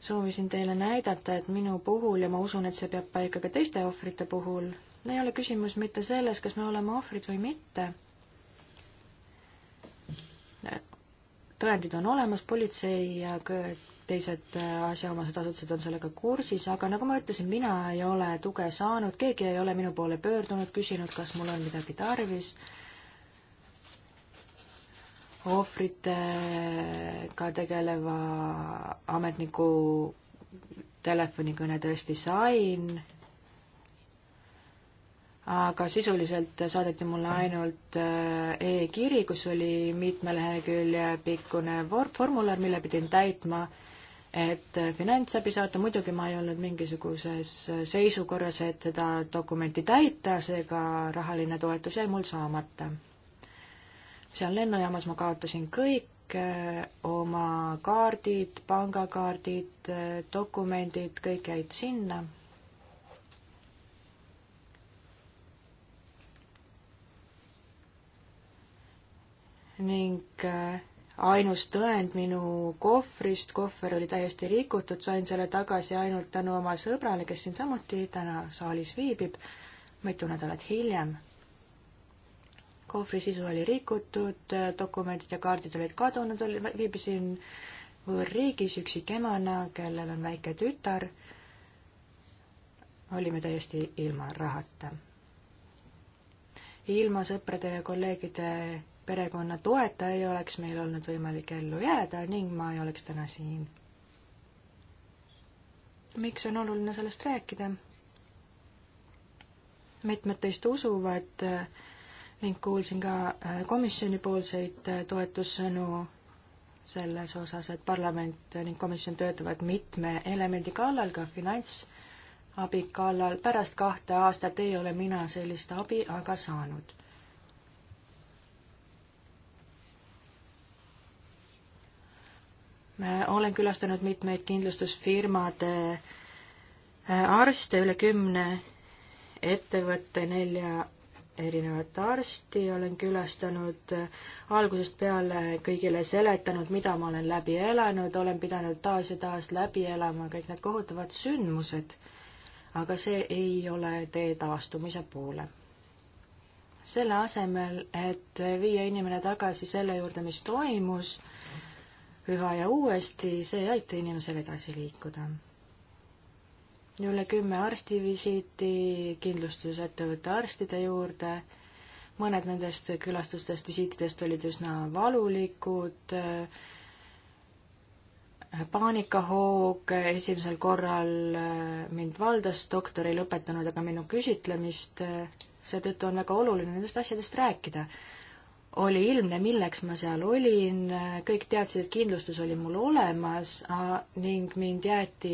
soovisin teile näidata, et minu puhul ja ma usun, et see peab paika ka teiste ohvrite puhul, ei ole küsimus mitte selles, kas me oleme ohvrid või mitte. tõendid on olemas, politsei ja teised äh, asjaomased asutused on sellega kursis, aga nagu ma ütlesin, mina ei ole tuge saanud, keegi ei ole minu poole pöördunud, küsinud, kas mul on midagi tarvis. ohvritega tegeleva ametniku telefonikõne tõesti sain, aga sisuliselt saadeti mulle ainult äh, e-kiri, kus oli mitme lehekülje pikkune vormular, mille pidin täitma et finantsabi saata, muidugi ma ei olnud mingisuguses seisukorras, et seda dokumenti täita, seega rahaline toetus jäi mul saamata. seal lennujaamas ma kaotasin kõik eh, oma kaardid, pangakaardid, eh, dokumendid, kõik jäid sinna ning eh, ainus tõend minu kohvrist, kohver oli täiesti rikutud, sain selle tagasi ainult tänu oma sõbrale, kes siin samuti täna saalis viibib, mitu nädalat hiljem. kohvri sisu oli rikutud, dokumendid ja kaardid olid kadunud, oli, viibisin võõrriigis üksikemana, kellel on väike tütar, olime täiesti ilma rahata. ilma sõprade ja kolleegide perekonna toeta ei oleks meil olnud võimalik ellu jääda ning ma ei oleks täna siin. miks on oluline sellest rääkida? mitmed teist usuvad ning kuulsin ka äh, komisjonipoolseid äh, toetussõnu selles osas, et parlament ning komisjon töötavad mitme elemendi kallal, ka finantsabi kallal. pärast kahte aastat ei ole mina sellist abi aga saanud Äh, olen külastanud mitmeid kindlustusfirmade äh, arste, üle kümne ettevõtte, nelja erinevat arsti, olen külastanud äh, algusest peale kõigile seletanud, mida ma olen läbi elanud, olen pidanud taas ja taas läbi elama kõik need kohutavad sündmused, aga see ei ole tee taastumise poole. selle asemel, et viia inimene tagasi selle juurde, mis toimus, üha ja uuesti, see ei aita inimesel edasi liikuda. üle kümme arstivisiiti kindlustusettevõtte arstide juurde, mõned nendest külastustest, visiitidest olid üsna valulikud, paanikahoog, esimesel korral äh, mind valdas doktor ei lõpetanud aga minu küsitlemist, äh, seetõttu on väga oluline nendest asjadest rääkida oli ilmne, milleks ma seal olin, kõik teadsid, et kindlustus oli mul olemas ning mind jäeti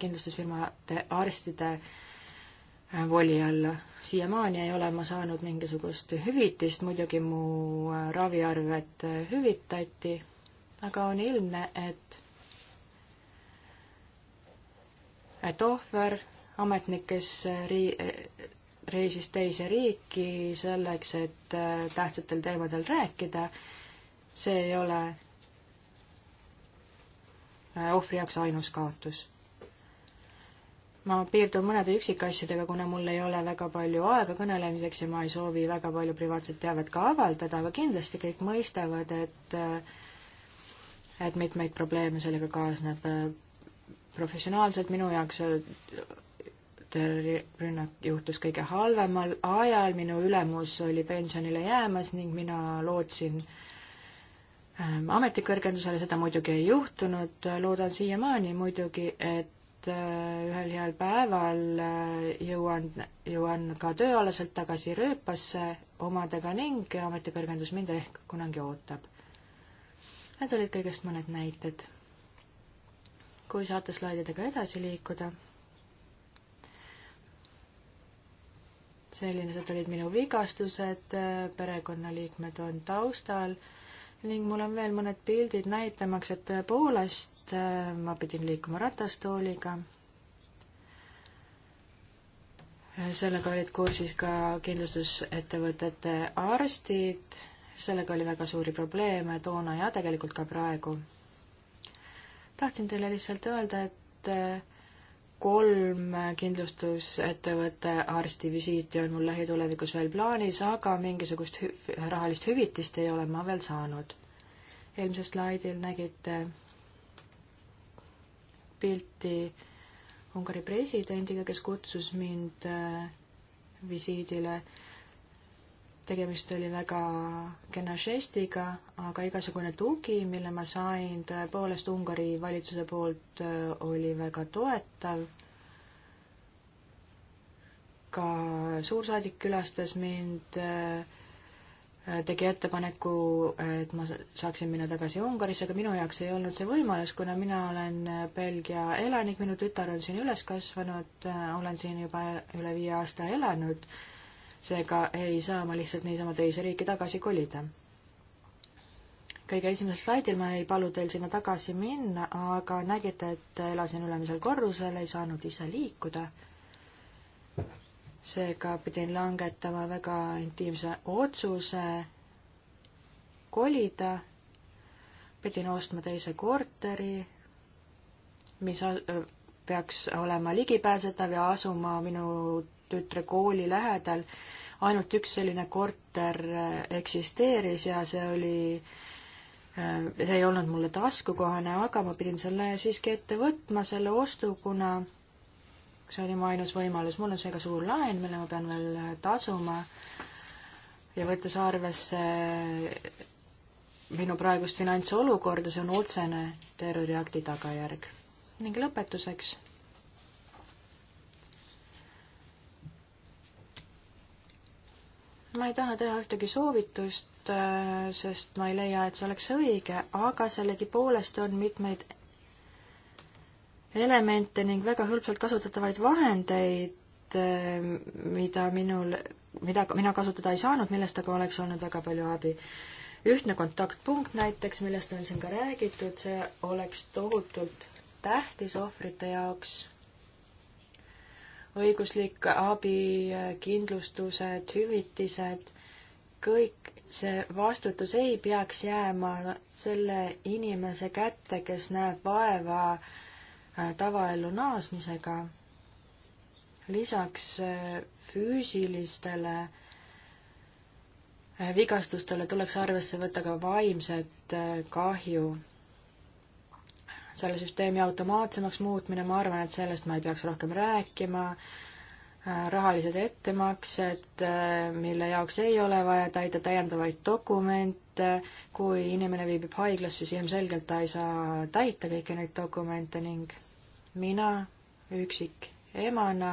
kindlustusfirmade arstide äh, voli alla. siiamaani ei ole ma saanud mingisugust hüvitist, muidugi mu äh, raviarved äh, hüvitati, aga on ilmne, et et ohver, ametnik, kes ri-, reisis teise riiki selleks, et äh, tähtsatel teemadel rääkida, see ei ole äh, ohvri jaoks ainus kaotus. ma piirdun mõnede üksikasjadega, kuna mul ei ole väga palju aega kõnelemiseks ja ma ei soovi väga palju privaatset teavet ka avaldada, aga kindlasti kõik mõistavad, et äh, et mitmeid probleeme sellega kaasneb. professionaalselt minu jaoks rünnak juhtus kõige halvemal ajal, minu ülemus oli pensionile jäämas ning mina lootsin ähm, ametikõrgendusele, seda muidugi ei juhtunud, loodan siiamaani muidugi, et äh, ühel heal päeval äh, jõuan, jõuan ka tööalaselt tagasi rööpasse omadega ning ametikõrgendus mind ehk kunagi ootab. Need olid kõigest mõned näited. kui saate slaididega edasi liikuda sellised olid minu vigastused, perekonnaliikmed on taustal ning mul on veel mõned pildid näitamaks, et tõepoolest äh, ma pidin liikuma ratastooliga. sellega olid kursis ka kindlustusettevõtete arstid, sellega oli väga suuri probleeme toona ja tegelikult ka praegu. tahtsin teile lihtsalt öelda, et äh, kolm kindlustusettevõtte arstivisiiti on mul lähitulevikus veel plaanis, aga mingisugust hü rahalist hüvitist ei ole ma veel saanud. eelmisel slaidil nägite pilti Ungari presidendiga, kes kutsus mind äh, visiidile tegemist oli väga kena žestiga, aga igasugune tugi, mille ma sain tõepoolest Ungari valitsuse poolt, äh, oli väga toetav. ka suursaadik külastas mind, äh, tegi ettepaneku, et ma saaksin minna tagasi Ungarisse, aga minu jaoks ei olnud see võimalus, kuna mina olen äh, Belgia elanik, minu tütar on siin üles kasvanud, olen siin juba üle viie aasta elanud seega ei saa ma lihtsalt niisama teise riiki tagasi kolida. kõige esimesel slaidil ma ei palu teil sinna tagasi minna, aga nägite, et elasin ülemisel korrusel, ei saanud ise liikuda. seega pidin langetama väga intiimse otsuse kolida, pidin ostma teise korteri, mis peaks olema ligipääsetav ja asuma minu tütre kooli lähedal ainult üks selline korter äh, eksisteeris ja see oli, äh, see ei olnud mulle taskukohane, aga ma pidin selle siiski ette võtma, selle ostu, kuna see oli mu ainus võimalus. mul on seega suur laen, mille ma pean veel äh, tasuma ja võttes arvesse minu praegust finantsolukorda, see on otsene terroriakti tagajärg. ning lõpetuseks ma ei taha teha ühtegi soovitust, äh, sest ma ei leia, et see oleks õige, aga sellegipoolest on mitmeid elemente ning väga hõlpsalt kasutatavaid vahendeid, äh, mida minul, mida mina kasutada ei saanud, millest aga oleks olnud väga palju abi. ühtne kontaktpunkt näiteks, millest on siin ka räägitud, see oleks tohutult tähtis ohvrite jaoks õiguslik abi, kindlustused, hüvitised, kõik see vastutus ei peaks jääma selle inimese kätte, kes näeb vaeva äh, tavaellu naasmisega. lisaks äh, füüsilistele äh, vigastustele tuleks arvesse võtta ka vaimset kahju selle süsteemi automaatsemaks muutmine, ma arvan, et sellest ma ei peaks rohkem rääkima, äh, rahalised ettemaksed, äh, mille jaoks ei ole vaja täida täiendavaid dokumente, kui inimene viibib haiglas, siis ilmselgelt ta ei saa täita kõiki neid dokumente ning mina üksik emana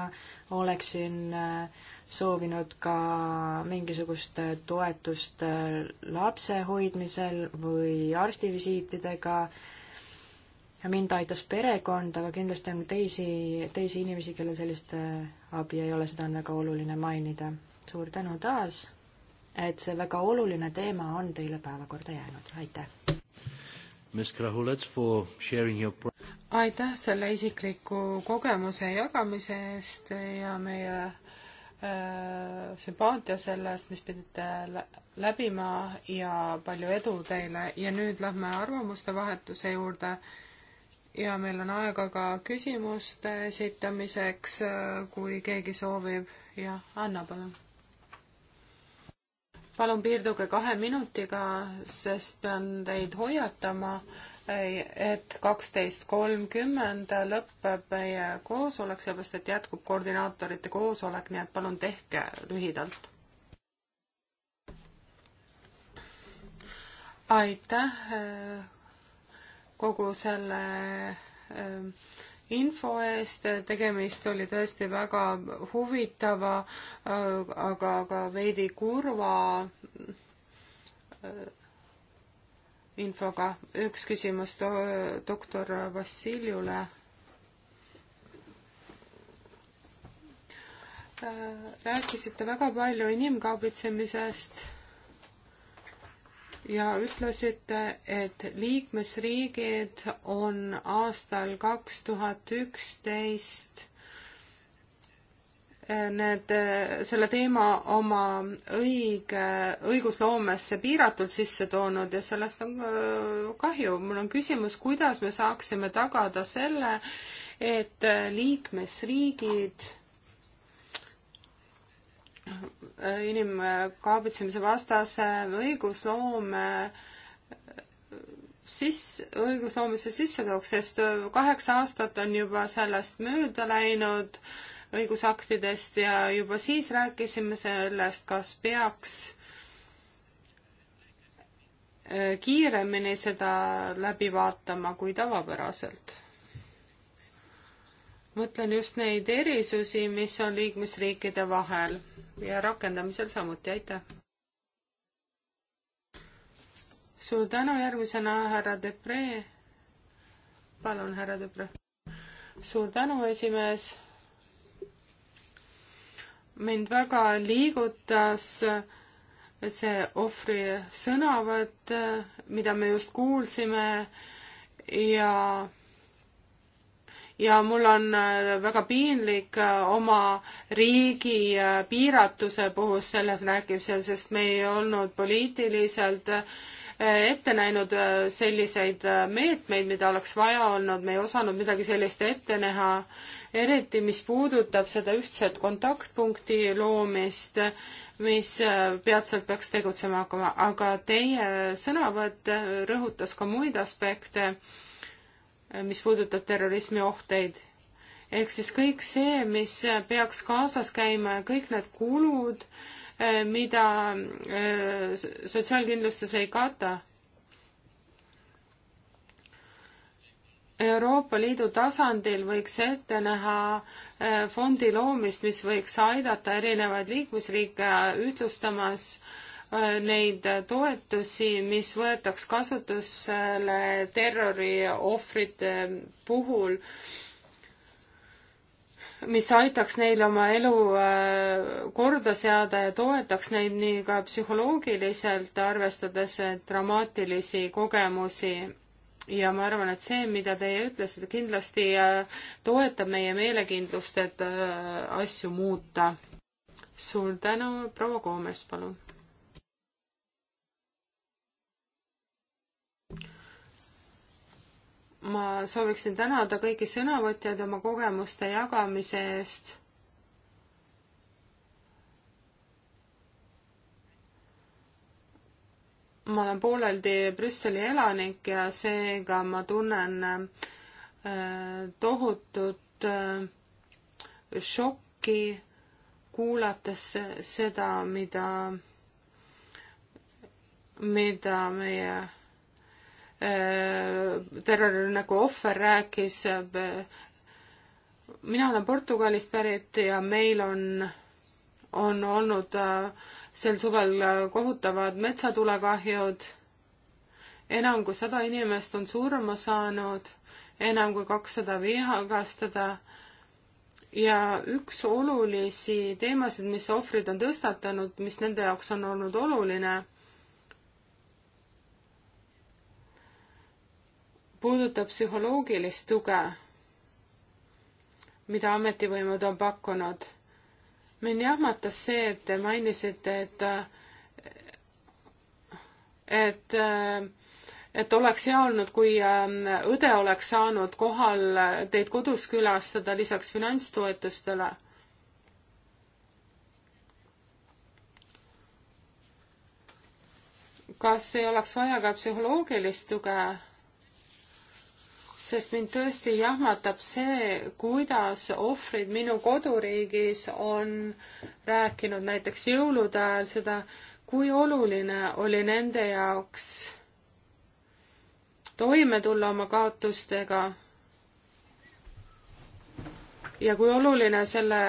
oleksin äh, soovinud ka mingisugust toetust lapse hoidmisel või arstivisiitidega äh, mind aitas perekond, aga kindlasti on teisi, teisi inimesi, kellel sellist äh, abi ei ole, seda on väga oluline mainida. suur tänu taas, et see väga oluline teema on teile päevakorda jäänud, aitäh! Your... aitäh selle isikliku kogemuse jagamise eest ja meie äh, sümpaatia selle eest, mis pidite läbima ja palju edu teile ja nüüd lähme arvamuste vahetuse juurde ja meil on aega ka küsimuste esitamiseks, äh, kui keegi soovib. jah, Anna, palun. palun piirduge kahe minutiga, sest pean teid hoiatama, et kaksteist kolmkümmend lõpeb meie koosolek, sellepärast et jätkub koordinaatorite koosolek, nii et palun tehke lühidalt. aitäh äh, kogu selle ähm, info eest, tegemist oli tõesti väga huvitava, äh, aga ka veidi kurva äh, infoga. üks küsimus do-, doktor Vassiljule. Äh, rääkisite väga palju inimkaubitsemisest ja ütlesite, et liikmesriigid on aastal kaks tuhat üksteist eh, need, eh, selle teema oma õige, õigusloomesse piiratult sisse toonud ja sellest on eh, kahju. mul on küsimus, kuidas me saaksime tagada selle, et liikmesriigid inimkaabitsemise vastase õigusloome sisse, õigusloomesse sisse tooks, sest kaheksa aastat on juba sellest mööda läinud õigusaktidest ja juba siis rääkisime sellest, kas peaks äh, kiiremini seda läbi vaatama kui tavapäraselt. mõtlen just neid erisusi, mis on liikmesriikide vahel ja rakendamisel samuti, aitäh! suur tänu, järgmisena härra Depre. palun, härra Depre. suur tänu, esimees. mind väga liigutas see ohvri sõnavõtt, mida me just kuulsime ja ja mul on äh, väga piinlik äh, oma riigi äh, piiratuse puhul selles rääkimisel, sest me ei olnud poliitiliselt ette näinud selliseid meetmeid, mida oleks vaja olnud, me ei osanud midagi sellist ette näha, eriti mis puudutab seda ühtset kontaktpunkti loomist, mis peatselt peaks tegutsema hakkama, aga teie sõnavõtt rõhutas ka muid aspekte mis puudutab terrorismi ohteid. ehk siis kõik see, mis peaks kaasas käima ja kõik need kulud, eh, mida eh, sotsiaalkindlustus ei kata. Euroopa Liidu tasandil võiks ette näha eh, fondi loomist, mis võiks aidata erinevaid liikmesriike ühtlustamas äh, neid toetusi, mis võetaks kasutusele terroriohvrite puhul, mis aitaks neil oma elu äh, korda seada ja toetaks neid nii ka psühholoogiliselt, arvestades dramaatilisi kogemusi. ja ma arvan, et see, mida teie ütlesite, kindlasti äh, toetab meie meelekindlust, et äh, asju muuta. suur tänu, proua Koomes, palun ma sooviksin tänada kõiki sõnavõtjaid oma kogemuste jagamise eest. ma olen pooleldi Brüsseli elanik ja seega ma tunnen äh, tohutut äh, šokki, kuulates seda, mida, mida meie Äh, terrorirünnaku ohver rääkis. Äh, mina olen Portugalist pärit ja meil on, on olnud äh, sel suvel kohutavad metsatulekahjud. enam kui sada inimest on surma saanud, enam kui kakssada vihagastada ja üks olulisi teemasid, mis ohvrid on tõstatanud, mis nende jaoks on olnud oluline puudutab psühholoogilist tuge, mida ametivõimud on pakkunud. mind jahmatas see, et te mainisite, et et et oleks hea olnud, kui ähm, õde oleks saanud kohal teid kodus külastada lisaks finantstoetustele. kas ei oleks vaja ka psühholoogilist tuge? sest mind tõesti jahmatab see, kuidas ohvrid minu koduriigis on rääkinud näiteks jõulude ajal seda, kui oluline oli nende jaoks toime tulla oma kaotustega ja kui oluline selle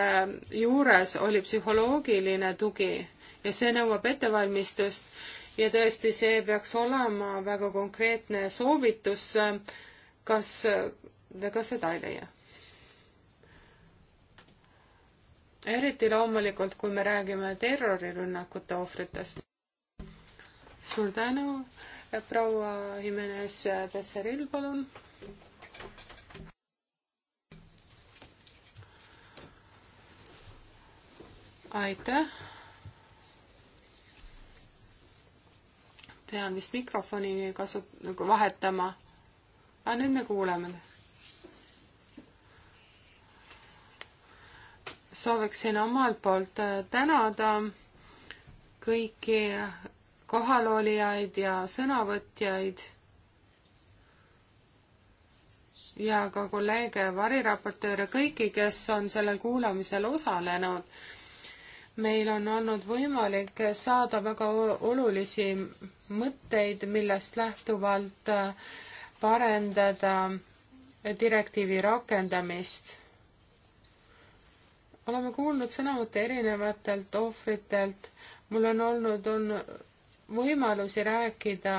juures oli psühholoogiline tugi ja see nõuab ettevalmistust ja tõesti, see peaks olema väga konkreetne soovitus äh, kas te ka seda ei leia? eriti loomulikult, kui me räägime terrorirünnakute ohvritest. suur tänu, proua Jimenez Becerril, palun. aitäh. pean vist mikrofoni kasu-, nagu vahetama aga nüüd me kuuleme. sooviksin omalt poolt äh, tänada kõiki kohalolijaid ja sõnavõtjaid ja ka kolleege, variraportööre, kõiki, kes on sellel kuulamisel osalenud. meil on olnud võimalik saada väga olulisi mõtteid, millest lähtuvalt äh, parendada direktiivi rakendamist. oleme kuulnud sõnavõtte erinevatelt ohvritelt, mul on olnud, on võimalusi rääkida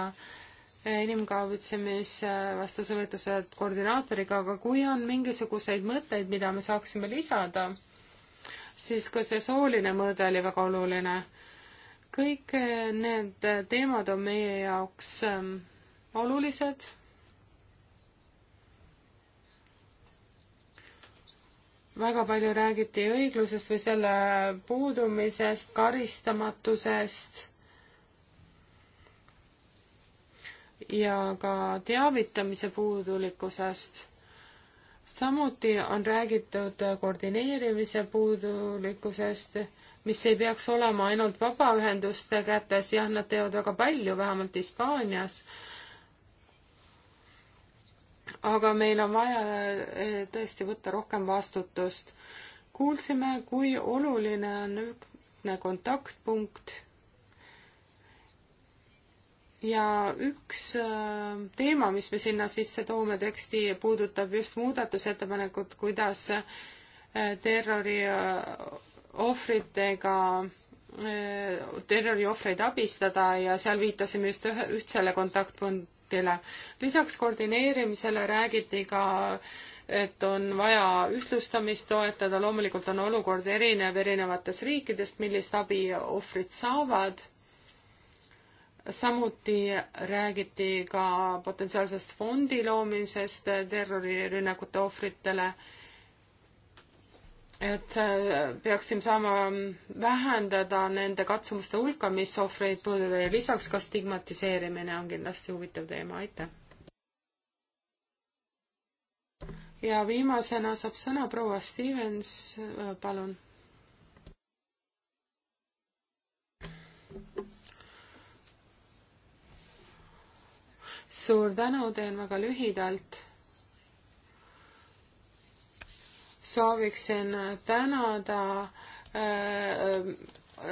inimkaubitsemisvastase võitluse koordinaatoriga, aga kui on mingisuguseid mõtteid, mida me saaksime lisada, siis ka see sooline mõõde oli väga oluline. kõik need teemad on meie jaoks ähm, olulised väga palju räägiti õiglusest või selle puudumisest, karistamatusest ja ka teavitamise puudulikkusest. samuti on räägitud koordineerimise puudulikkusest, mis ei peaks olema ainult vabaühenduste kätes, jah, nad teevad väga palju, vähemalt Hispaanias aga meil on vaja eh, tõesti võtta rohkem vastutust. kuulsime, kui oluline on ühtne kontaktpunkt ja üks eh, teema, mis me sinna sisse toome teksti, puudutab just muudatusettepanekut, kuidas eh, terrori ohvritega, terroriohvreid abistada ja seal viitasime just ühe, ühtsele kontaktpunkt, raportile. lisaks koordineerimisele räägiti ka et on vaja ühtlustamist toetada, loomulikult on olukord erinev erinevates riikidest, millist abi ohvrid saavad. samuti räägiti ka potentsiaalsest fondi loomisest terrorirünnakute ohvritele et äh, peaksime saama vähendada nende katsumuste hulka, mis ohvreid puudutab ja lisaks ka stigmatiseerimine on kindlasti huvitav teema, aitäh. ja viimasena saab sõna proua Stevens, äh, palun. suur tänu, teen väga lühidalt sooviksin tänada äh,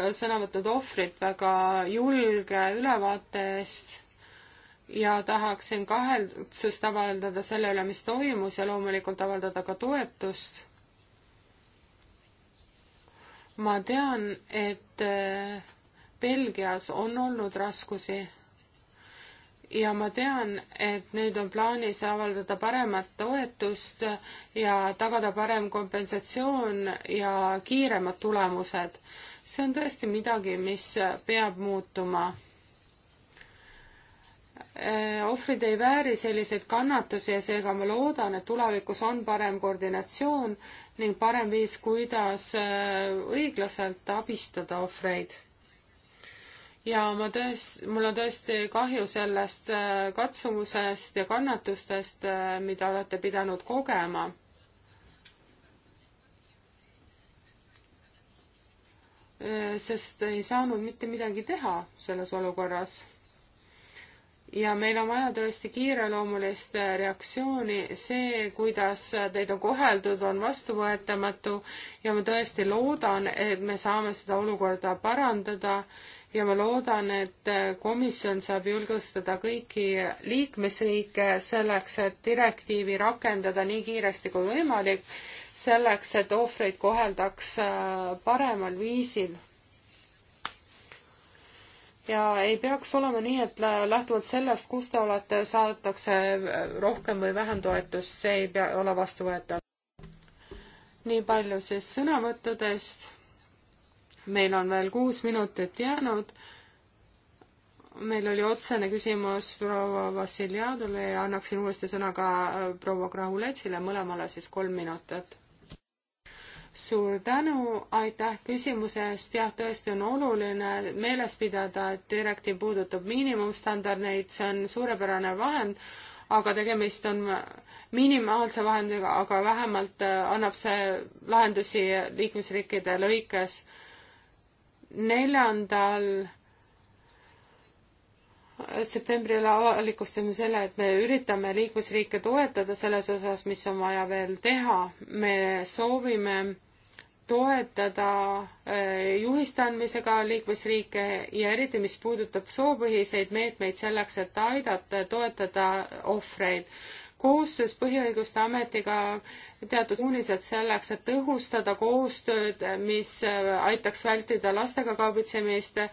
äh, sõna võtnud ohvrit väga julge ülevaate eest ja tahaksin kahetsust avaldada selle üle, mis toimus ja loomulikult avaldada ka toetust. ma tean, et äh, Belgias on olnud raskusi ja ma tean, et nüüd on plaanis avaldada paremat toetust ja tagada parem kompensatsioon ja kiiremad tulemused. see on tõesti midagi, mis peab muutuma. Äh, ohvrid ei vääri selliseid kannatusi ja seega ma loodan, et tulevikus on parem koordinatsioon ning parem viis, kuidas äh, õiglaselt abistada ohvreid ja ma tõest-, mul on tõesti kahju sellest äh, katsumusest ja kannatustest, äh, mida olete pidanud kogema. Äh, sest ei saanud mitte midagi teha selles olukorras. ja meil on vaja tõesti kiireloomulist reaktsiooni, see, kuidas teid on koheldud, on vastuvõetamatu ja ma tõesti loodan, et me saame seda olukorda parandada ja ma loodan, et komisjon saab julgustada kõiki liikmesriike selleks, et direktiivi rakendada nii kiiresti kui võimalik, selleks, et ohvreid koheldaks äh, paremal viisil. ja ei peaks olema nii, et lähtuvalt sellest, kus te olete, saadakse äh, rohkem või vähem toetust, see ei pea, ole vastuvõetav. nii palju siis sõnavõttudest meil on veel kuus minutit jäänud. meil oli otsene küsimus proua Vassiljadule ja annaksin uuesti sõna ka äh, proua Krahuletsile, mõlemale siis kolm minutit. suur tänu, aitäh küsimuse eest, jah, tõesti on oluline meeles pidada, et direktiiv puudutab miinimumstandardeid, see on suurepärane vahend, aga tegemist on minimaalse vahendiga, aga vähemalt äh, annab see lahendusi liikmesriikide lõikes neljandal septembril avalikustame selle, et me üritame liikmesriike toetada selles osas, mis on vaja veel teha. me soovime toetada eh, juhiste andmisega liikmesriike ja eriti, mis puudutab soopõhiseid meetmeid selleks, et aidata, toetada ohvreid koostöös Põhiõiguste Ametiga teatud suunised selleks, et tõhustada koostööd, mis äh, aitaks vältida lastega kaubitsemist äh,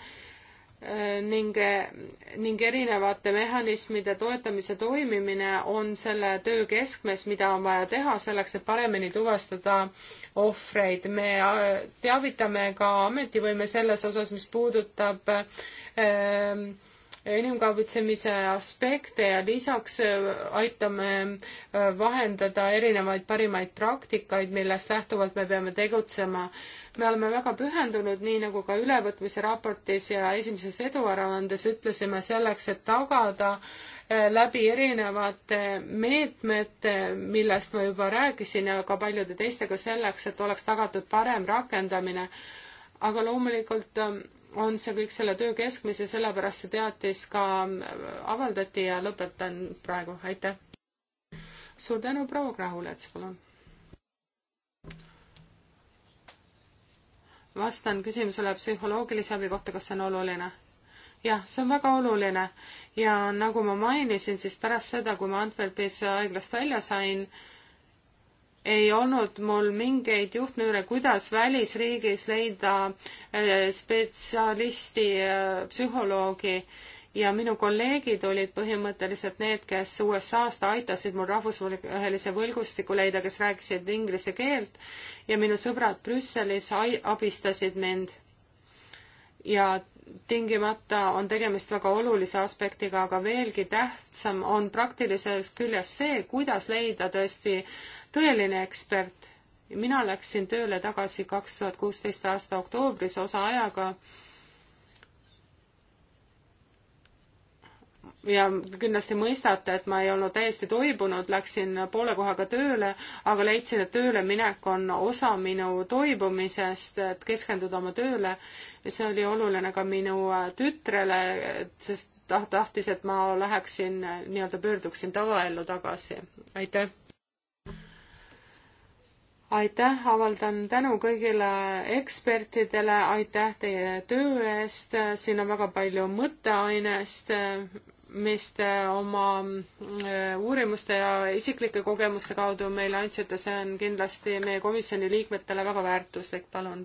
ning, ning erinevate mehhanismide toetamise toimimine on selle töö keskmes, mida on vaja teha selleks, et paremini tuvastada ohvreid. me äh, teavitame ka ametivõime selles osas, mis puudutab äh, inimkaubitsemise aspekte ja lisaks äh, aitame äh, vahendada erinevaid parimaid praktikaid, millest lähtuvalt me peame tegutsema. me oleme väga pühendunud, nii nagu ka ülevõtmise raportis ja esimeses eduaruandes ütlesime, selleks, et tagada äh, läbi erinevate meetmete, millest ma juba rääkisin ja ka paljude teistega selleks, et oleks tagatud parem rakendamine aga loomulikult ähm, on see kõik selle töö keskmes ja sellepärast see teatis ka avaldati ja lõpetan praegu, aitäh. suur tänu, proua Krahulets, palun. vastan küsimusele psühholoogilise abi kohta, kas see on oluline? jah, see on väga oluline ja nagu ma mainisin, siis pärast seda, kui ma Antwerpis haiglast välja sain, ei olnud mul mingeid juhtnööre, kuidas välisriigis leida äh, spetsialisti, äh, psühholoogi ja minu kolleegid olid põhimõtteliselt need, kes USA-st aitasid mul rahvusvahelise võlgustiku leida, kes rääkisid inglise keelt ja minu sõbrad Brüsselis abistasid mind. ja tingimata on tegemist väga olulise aspektiga, aga veelgi tähtsam on praktilisest küljest see, kuidas leida tõesti äh, tõeline ekspert. mina läksin tööle tagasi kaks tuhat kuusteist aasta oktoobris osaajaga ja kindlasti mõistate, et ma ei olnud täiesti toibunud, läksin poole kohaga tööle, aga leidsin, et tööle minek on osa minu toibumisest, et keskenduda oma tööle. ja see oli oluline ka minu tütrele, sest ta tahtis, et ma läheksin, nii-öelda pöörduksin tavaellu tagasi. aitäh! aitäh, avaldan tänu kõigile ekspertidele, aitäh teie töö eest, siin on väga palju mõtteainest, mis te oma äh, uurimuste ja isiklike kogemuste kaudu meile andsite, see on kindlasti meie komisjoni liikmetele väga väärtuslik, palun.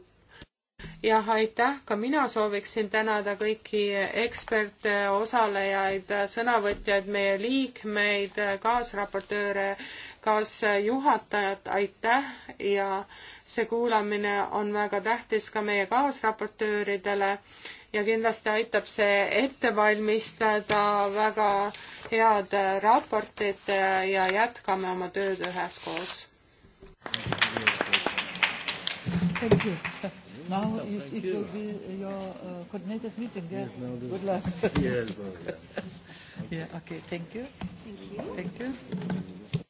jah, aitäh, ka mina sooviksin tänada kõiki eksperte, osalejaid, sõnavõtjaid, meie liikmeid, kaasraportööre kaasjuhatajat, aitäh ja see kuulamine on väga tähtis ka meie kaasraportööridele ja kindlasti aitab see ette valmistada väga head raportit ja jätkame oma tööd üheskoos. Thank you. Now no, it, it you. will be your uh, coordinators meeting. Yeah. Yes, now Good luck. Yes, well, yeah. yeah. Okay. Thank you. Thank you. Thank you.